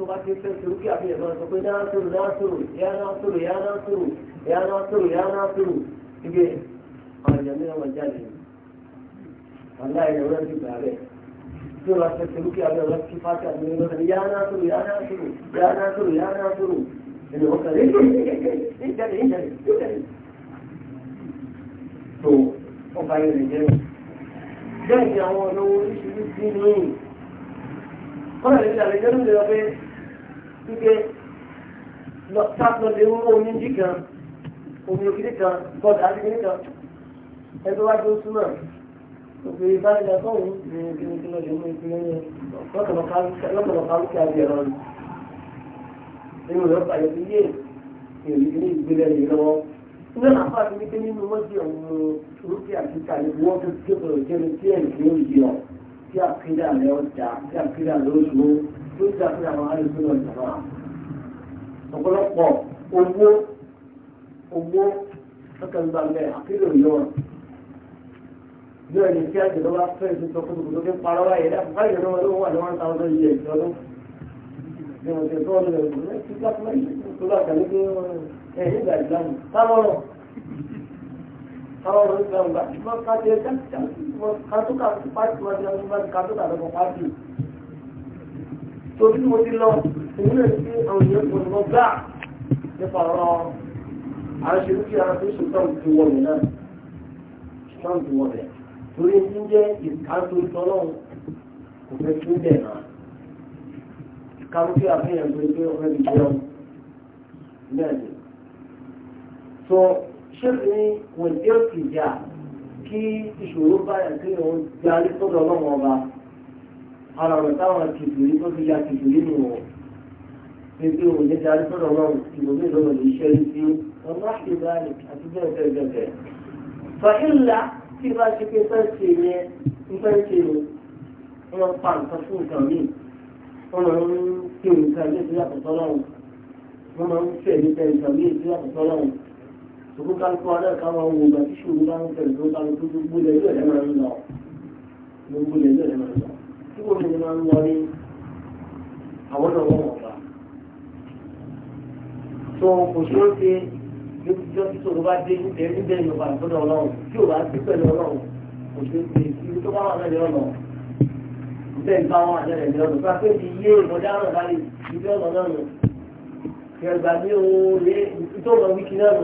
tó bá ti fẹ́ torí kí àbí ẹ̀ máa sọ pé náà sòrò náà sòrò yá náà sòrò yá náà sòrò yá náà sòrò yá náà sòrò ibi àwọn èèyàn mìíràn máa jáde wàlá ẹ̀rọ rẹ̀ ti gbà rẹ̀ tó bá fẹ́ torí kí àbí ẹ̀ máa ti fàtí àbí ẹ̀ máa yá náà sòrò yá náà sòrò yá náà sòrò yá náà sòrò ẹ̀rọ kan rẹ̀ ìjẹ̀lẹ̀ tó ọba yẹn lè jẹ́ bẹ́ẹ̀ ni àwọn ọ̀nà oríṣiríṣi ní kọ́nà lè ṣàlẹ̀ jẹ́ lóde ọ̀fẹ́ wípé sáfìlọ́lẹ̀ ń ró omi jí kan omi òkìlì kan bọ́ọ̀dù àdìgbìlì kan ẹgbẹ́ wájú ó súnmọ́ òbí báyìí lọ́sọ̀rọ̀ ní kíníkíní lè mú ìpínlẹ̀ yẹn lọ́kọ̀lọ́kọ̀ alùpùpù àti ẹ̀rọ ni nínú rẹ̀ fàyè sí yé èyí ní ìgbélé yìí lọ́wọ́ ní àpáàdé wípé nínú wọ́n ti ọ̀hún rúkì àti kàlí wọ́n tó ti kébọ̀rọ̀ jẹ́ni tí ẹ̀ ń gbé òyìn ọ̀ tí àkídà rẹ̀ ọ̀dà tí àkídà rẹ̀ ó tó ń dàbí àwọn àìsàn lọ ìjàmbá ọ̀pọ̀lọpọ̀ owó owó lọ́kànlá mẹ́ àkílò yọ̀ọ̀ yóò ní kí àjọ̀dọ́ bá fẹ́ ìṣe sọ kótókó tó fi parọ́ wáyé lẹ́kọ̀ọ́ báyìí lọ́wọ́ ló wà ní one thousand years lọ́dún ní mo ti sọ ọ́ lọ́dún rẹ̀ kí lápá yìí tó bá kàlí pé ẹ̀ ní ìgbà ìsìlámù tábọ̀rọ̀ tábọ̀rọ̀ ìsìlámù bá ti mọ́ kájẹ́ kájúkà pàtì wọn ti mọ́ kájúkà lọ́kọ̀ pàtì torí mo ti lọ òun náà sí àwọn èèyàn tó lọ gbà nípa ọ̀rọ̀ àṣírí tí ara tó ṣe tán ti wọlé náà tán ti wọlé torí ní jẹ́ ìkájú tọ́lọ́hún kò fẹ́ tún bẹ̀ náà ìkájú tí a fi hàn pé ọ̀rẹ́ mi jẹun náà ni. sọ ṣé ní wọ́n dé òkè jà kí ìṣòro báyà kí òun darí tọ́lọ́ ọlọ́run ọba ara ọ̀nà táwọn kìtìrí tó fi ya kìtìrí nù wọ̀ pépé òun ní darí sọ̀rọ̀ náà ìbòmí ìlọ́rọ̀ lè ṣe rí sí ọmọ ìbáraẹ̀ àti bẹ́ẹ̀ bẹ́ẹ̀ bẹ́ẹ̀. fàhílà tí bá ṣe pé fẹ́ ṣe yẹn ń fẹ́ ṣe ni wọ́n pa nǹkan fún nǹkan míì wọ́n máa ń pè nǹkan ilé ìtura àtọ̀tọ̀ náà wọ́n máa ń fẹ̀ nípa nǹkan míì ìtura àtọ̀tọ̀ náà ṣùgbọ́n kálukú alẹ́ ká máa ń wo ìgbà tí ṣòro bá ń fẹ̀ lọ́wọ́ kálukú gbogbo ilẹ̀ yóò lẹ́ máa ń lọ gbogbo ilẹ̀ yóò lẹ́ máa ń lọ tí wọ́n mi ń lọ àwọn náà wọ́n wọ̀ bá. tó kò ṣeé ṣe lójújọ́ tí tó bá dé níbẹ̀ níbẹ̀ yorùbá ìgbọ́dọ̀ ọlọ́run tí ò bá sí pẹ̀lú ọlọ́run kò ṣeé ṣe ibi tó bá wà lẹ́yìn ọ̀nà ìbẹ̀ ìgbà wọn àtẹ̀lẹ̀ ní ọ̀nà pé pé iye ìmọ̀dá náà bá lè ọ̀nà náà nù kẹgbà ní oore tó lọ wíkì náà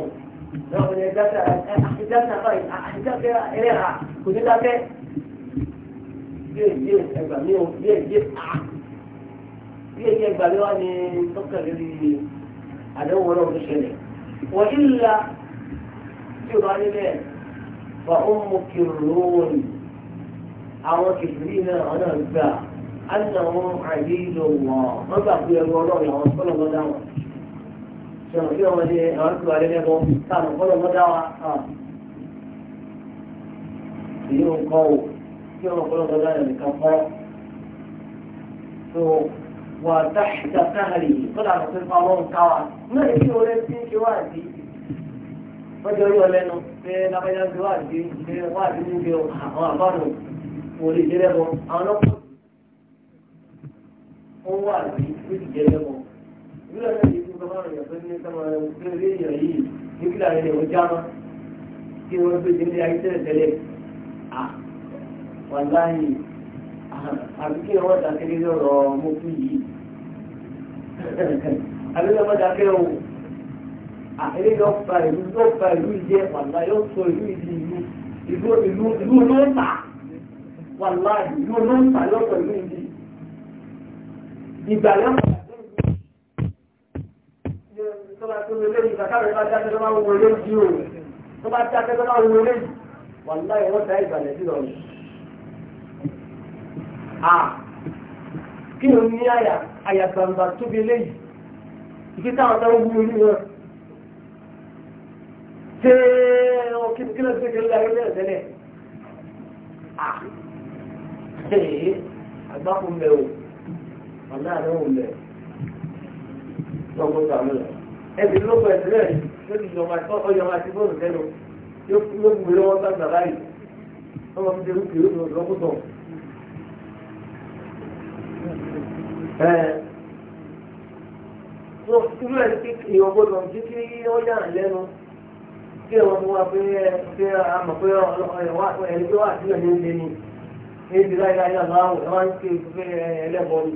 náà ní dábẹ́ díẹ̀ díẹ̀ ẹgbà mi ò díẹ̀ díẹ̀ á díẹ̀ díẹ̀ ẹgbà mi wá ní tọ́kà lórí àdéhùn ọlọ́run tó ṣẹlẹ̀ wọ́n ìlà tí o bá nílẹ̀ wà ó mú kìrún àwọn kìrìnì náà wọn náà gbà á nà wọn àdéhùn wọn wọn gbà pé ẹrú ọlọ́run àwọn fọlọ́ wọn dá wọn sọ̀rọ̀ bí wọn ní àwọn tó wà lẹ́lẹ́ wọn táwọn fọlọ́ wọn dá wọn. Ah. èyí ń kọ́ wò kí ọ̀rọ̀ ọ̀pọ̀lọpọ̀ lára nìkan mọ́. tó wà dáhìdá káàrí kọ́lá àwọn pé máa wọ́n ká náà èyí orí ti ń ṣe wáàdí. wọ́n jọ orí pé lábẹ́yà ń ṣe wáàdí pé wáàdí ń ṣe àwọn àbánu orí ìjẹ́lẹ́bọ àwọn ọlọ́pọ̀ ó wà ní orí ìjẹ́lẹ́bọ. náà yìí fún bàbá rẹ̀ pé ní sọ́mọ rẹ̀ ní kí láàrin ẹ̀ wàláyé àbí kí wọ́n dákẹ́lé lọ́rọ̀ mọ́kú yìí àbí kí wọ́n dákẹ́lé o lọ́ fa ìlú lọ́ fa ìlú ìjẹ́ wàlá yóò sọ ìlú ìdí ìlú ìlú ìlú ìlú ló ń tà wàlá ìlú ló ń tà yóò ìlú ìdí ìgbà yóò fà tó bá tó lé lẹ́yìn ìgbàkárẹ̀ bá dákẹ́ tó bá wọlé yìí o tó dákẹ́ tó bá wọlé yìí wàlá ìwọ́ta ìgbàlẹ̀ sí lọ́rùn kí o ní àyà àyà gbangba tóbi eléyìí ìfi táwọn táwọn wúwo ní wọn ṣé ọ kí kí ló ṣe kí ló láyé lẹ́yìn tẹ́lẹ̀ ṣe àgbákùn bẹ̀ o ọ̀nà àdéhùn bẹ̀ lọ́gbọ́n tàbí rẹ̀ ẹbí ló pẹ̀ sílẹ̀ lórí ìjọba ọjọ́ àti bọ́ọ̀lù tẹ́lẹ̀ yóò kú lóògùn lọ́wọ́ sáà sàlàyé ọmọ mi ti rú kìlóògùn lọ́gbọ́n tọ̀. Eh, irú ẹ̀ sí èèyàn gbọ́dọ̀ jí kí ó yà lẹ́nu kí ẹ̀wọ̀n mú wa pé ṣé a mọ̀ pé ẹni tó wà sílẹ̀ ní ilé ni ní ibi láyé láyé aláwọ̀ ẹ̀ wá ń ké pé ẹlẹ́bọ ni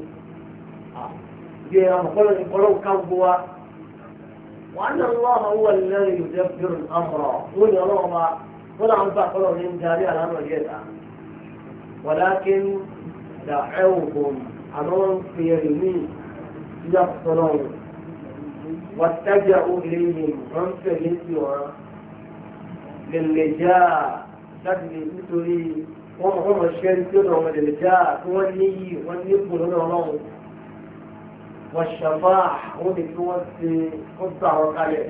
bí ẹ̀ àmọ̀kọ́lọ́ ni kọ́lọ́ ká gbogbo wa. wàá nà lọ́wọ́ àwọn wà lẹ́rìí yóò jẹ́ àmọ̀rọ̀ wọ́n ní ọlọ́wọ́ wa wọ́n náà ń kọ́lọ́ ní àmọ́ wọ́n ń pe ẹlòmíì yíyá sọ́nà wọn wọ́n tájà òkèlè yìí wọ́n ń tẹ̀lé sí wọn lèlè já láti lè nítorí wọ́n mọ̀ mọ̀ ṣẹ́ ní tí ó lọ́wọ́ lèlè já tí wọ́n ní yìí wọ́n ní kò lọ́nà ọlọ́run wọ́n ṣàfà àwọn èdè tí wọ́n ti ó gbà wọn kalẹ̀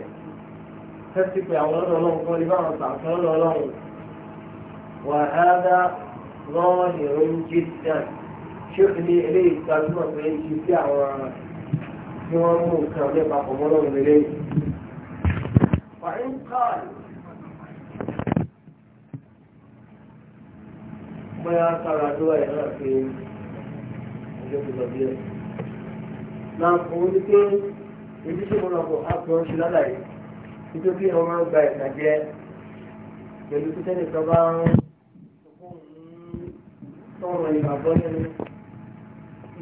tẹ́sí pé àwọn lọ́nà ọlọ́run kan lè bá wọn gbà kan lọ́nà ọlọ́run wàhálà rọ́ọ̀nì rọ́ọ̀nì jẹ́ dáadáa ṣé o ti lé eléyìí gbajúmọ̀ pé kí sí àwọn tí wọ́n mú nǹkan nípa ọmọlọ́run lélẹ́ Bọ́lá sára àdúrà ẹ̀ náà fi ọjọ́ ìlọ bí ẹ̀. Náà òun ni pé ibi tí mo lọ bọ̀ á fi ọṣù lálàyé ọmọ gba ìtàjẹ́ pẹ̀lú títẹ́lẹ̀ tó bá ń tọrọ ìgbàgbọ́ nínú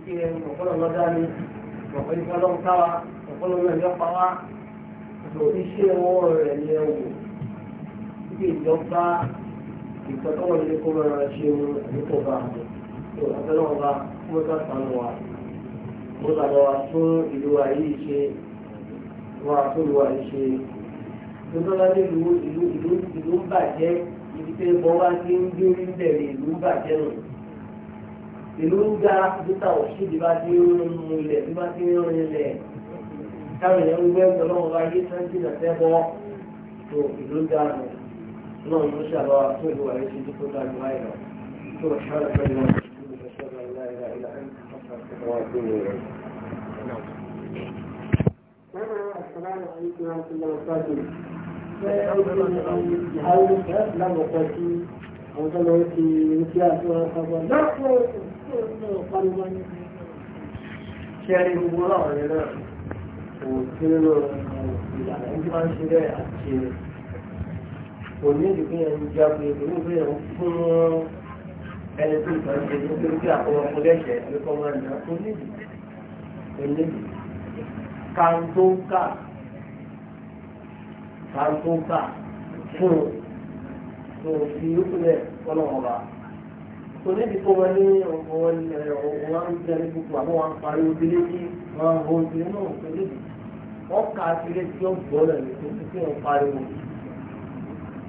kí ẹ ọ̀pọ̀lọ̀ lọ́dá ni ọ̀pọ̀lọ̀ lọ́dún káwa ọ̀pọ̀lọ̀ náà yọ pa wá ọ̀pọ̀ iṣẹ́ ọwọ́ rẹ̀ ni ẹ wò kí ìjọba ìtọ́tọ́wọ̀ ilé kó máa ṣe ohun àdúgbò bá tó abẹ́rẹ́ ọba kó mọ́tà sànù wa kó làbọ̀ wa fún ìlú wa yìí ṣe wa fún ìlú wa yìí ṣe lọ́dọ́lá ní ìlú ìlú ìlú ìlú ń ga títà òṣìṣẹ́ ìbá tí ó ń ilẹ̀ bí bá tí ó ń rinlẹ̀ káwọn èèyàn gbé ẹgbẹ́ lọ́wọ́ bá yé sáńtì náà bọ́ tó ìlú ń ga nù náà ló ṣàlọ́ tó ìlú wà lóṣù tó ga jù láì lọ tó ṣàlọ́ pẹ̀lú wọn. السلام عليكم ورحمة الله وبركاته. هل الإسلام وقتي أو ذلك في مثل هذا الخبر؟ لا Ṣẹ́rí gbogbo àwọn ẹ̀rẹ́ náà kò tí ó lọ ìlànà ìdí máa ń ṣe rẹ̀ àti rẹ̀. Kò ní ìdí pé jágbe ìlú fún ẹni tó ìgbà ṣe ní pé kí àwọn ọmọ lẹ́ṣẹ̀ ló máa ń dá tó tó níbi kó wọn ní ọ̀wọ́n ọ̀wọ́n ń jẹ́ gbogbo àmọ́ wọn parí obìnrin kí wọn hó obìnrin náà tó níbi wọn kà á sílé tí ó gbọ́ lẹ̀ ní tó kí wọn pariwo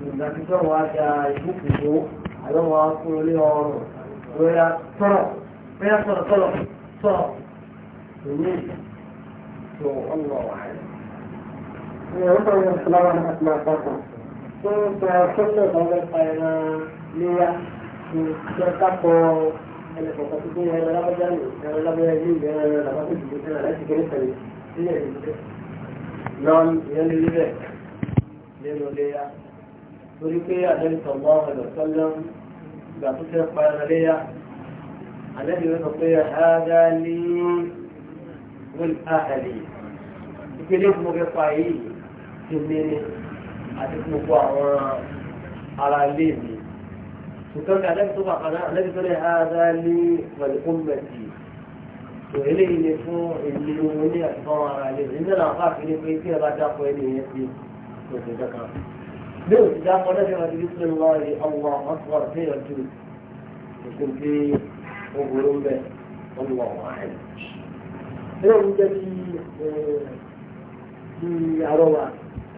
ìgbà tí wọn wá da ìbùkún àlọ́ wọn á kúrò lé ọrùn lórí àtọ́rọ̀ bóyá sọ̀rọ̀ sọ̀rọ̀ sọ̀rọ̀ ìwé tó ọlọ́ wà ní. Ìyàwó kan yóò fúláwà kí ẹ kápọ̀ ẹlẹ́kọ̀ọ́kan tó yẹ ẹ̀rọ lábẹ́jà ní ẹ̀rọ lábẹ́jà ní ìgbẹ́rẹ́ ẹ̀rọ lábẹ́jà ní ìgbẹ́rẹ́ láti kéré tẹ̀lé sílẹ̀ ìgbẹ́. lọ́n ìyẹn lè rí bẹ́ẹ̀ lẹ́nu léyà torí pé àdéhùn sọ̀gbọ́n ọ̀dọ̀ sọ́lọ́ ìgbà tó fẹ́ pa ẹran léyà àdéhùn yóò sọ pé ẹ̀hádá ní wíl áhẹ̀lì ìpele fún mo fẹ́ pa yìí ti mí ni àti fún gbogbo àwọn ará ilé mi وكان النبي طبعا قال النبي قال هذا لي ولأمتي وإليه نفو اللي يوني أكبر عليه إننا أخاف إلي بيتي بعد أخوة إلي يأتي وتذكر لو تدام ونفر بسم الله الله أكبر في رجل يكون في أقول به الله أعلم لو تدي في عروة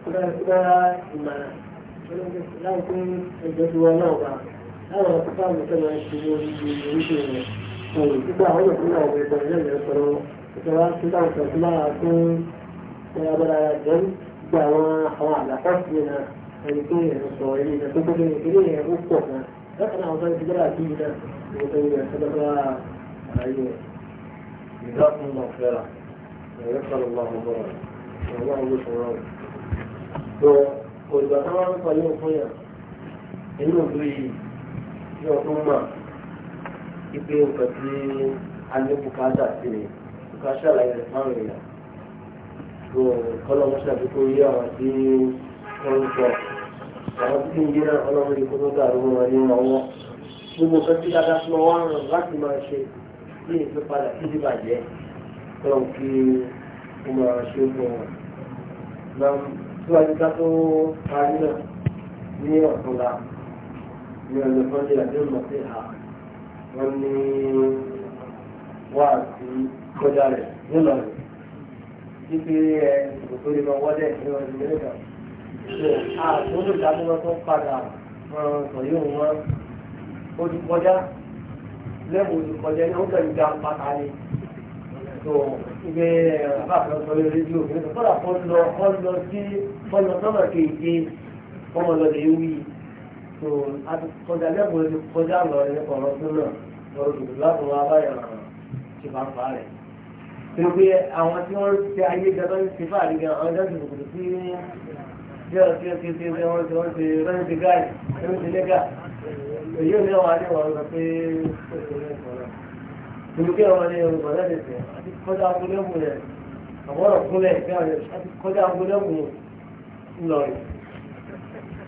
كنا كنا إما لو تدي لا يكون الجدوى láwọn ọ̀pá mi tẹ́lẹ̀ ń ṣe lórí ọ̀rọ̀ gbígbà àwọn ìpínlẹ̀ ọ̀wọ̀ ẹ̀gbọ́n ilé ìyẹn sọ̀rọ̀ ìṣọ̀rọ̀ tí láwọn sọ̀rọ̀ tí máa tó ń abẹ́rẹ́ ara jẹ́ gbígbà àwọn àwọn àlàkọ́ sí ẹ̀nà ẹni tó yẹn sọ ẹni ìyẹn tó gbé ní ìpínlẹ̀ yẹn ó pọ̀ gan lẹ́kọ̀ọ́ àwọn sọ̀rọ̀ ti gbọ́dọ̀ àti ìyẹn ìyẹn tó yẹn sọ̀rọ̀ àlàyé rẹ̀. جزاكم الله خيرا ويسأل الله بركة والله يسر kí wọ́n tó mọ̀ ipe nǹkan tí a ní bùkátà sí ni nǹkan aṣàlàyé rẹ̀ fáwọn èèyàn tó kọ́lọ́mù ṣàbí kó yé àwọn tí wọ́n ń sọ àwọn tí ń yé náà ọlọ́mù ní kó tó dàrú wọn ní ọwọ́ gbogbo nǹkan tí dáadáa fún ọwọ́ àrùn láti máa ṣe ní ìfipadà tí ti bàjẹ́ kọ́lọ́mù kí wọ́n máa ṣe fún wọn. Nam tí wàá ti ká tó parí náà ní ọ̀tún láàmú ní ọjọ́ sunday wọ́n ní wá sí kọjá rẹ̀ nílọ̀rẹ̀ títí ẹ òtò máa wọ́dẹ̀ ní ọdún mẹ́rẹ̀ẹ́dà tó àtúntò dábọ́ tó padà sọ yóò wọ́n ó ti kọjá ní ọjọ́ ìjà pátá ni tó ibẹ̀ àbáfẹ́ sọ lórí rédíò kìnnìkan kọ́dà kọ́ lọ kọ́ lọ sí kọ́ lọ sọ́nà kéèké kọ́ lọ lè wí tó a ti kọjá lẹ́kùn ti kọjá lọ nípa ọ̀rọ̀ tó náà lọ́rọ̀ dùdú láti wọn abáyọ̀ ti máa fà rẹ̀. tó pé àwọn tí wọ́n ti ayé gẹ́gẹ́ ní ti fàárí gan àwọn jáde kùkùtù sí bí ọ̀rọ̀ tí ó ti ṣe pé wọ́n ti wọ́n ti rẹ́ni ti gáì rẹ́ni ti lẹ́gà èyí ò ní àwọn adé wọn lọ pé ó ti rẹ́ ìfọ̀rọ̀. tó pé ọmọ ní orúkọ lẹ́dẹ̀ tẹ̀ rẹ̀ àwọn kọjá agbólẹ́kùn ńlọrọ̀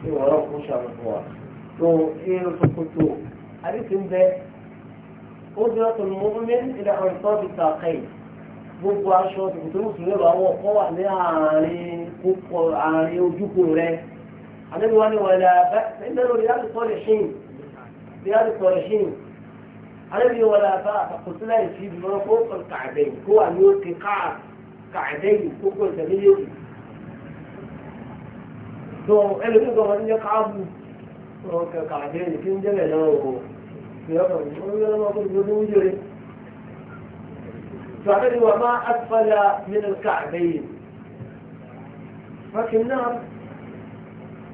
ìwọ̀rọ̀ tó irun ṣòkòtò àdìsí ń bẹ ó dúró tó mú mi ilẹ̀ ọ̀rìn tó fi ta kẹ́yìn gbogbo aṣọ ṣòkòtò mùsùlùmí bá wọ̀ kọ́ wà ní àárín kókó àárín ojúkò rẹ̀ àdébí wọn ni wọn là bá ẹgbẹ́ lórí láti sọ lè ṣìn láti sọ lè ṣìn àdébí wọn là bá àkóso láì fi ìdúró kó kọ̀ kàdéyìn kó wà ní òkè kàdéyìn kókó ìtẹ̀lẹ́yìn tó ẹlòmíì gan wọn ní káàbù wọn kẹ kàdé ní kí ń jẹ́lẹ̀ náà o ìyọ́kọ̀ wọn yọ lọ́wọ́ kó ló ní wújọ́rẹ́ tó àbẹ́ni wà má àtúfàlà nínú kàdé yìí wákì náà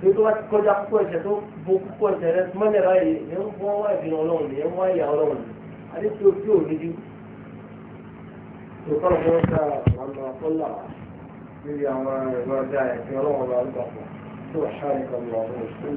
tó tó wá kọjá púpọ̀ ẹ̀sẹ̀ tó bo púpọ̀ ẹ̀sẹ̀ rẹ mọ́lẹ̀ báyìí ẹ̀ ń wọ́n wá ìbínú ọlọ́run ni ẹ̀ ń wá ìyá ọlọ́run ni adé tó tí ò ní ju tó kọ́ lọ́wọ́ ká àwọn akọ́là níbi àwọn ẹ̀rọ ọjà ẹ̀sìn ọlọ́run ọba àlùbàpọ̀ tó wà sáré kan lọ́wọ́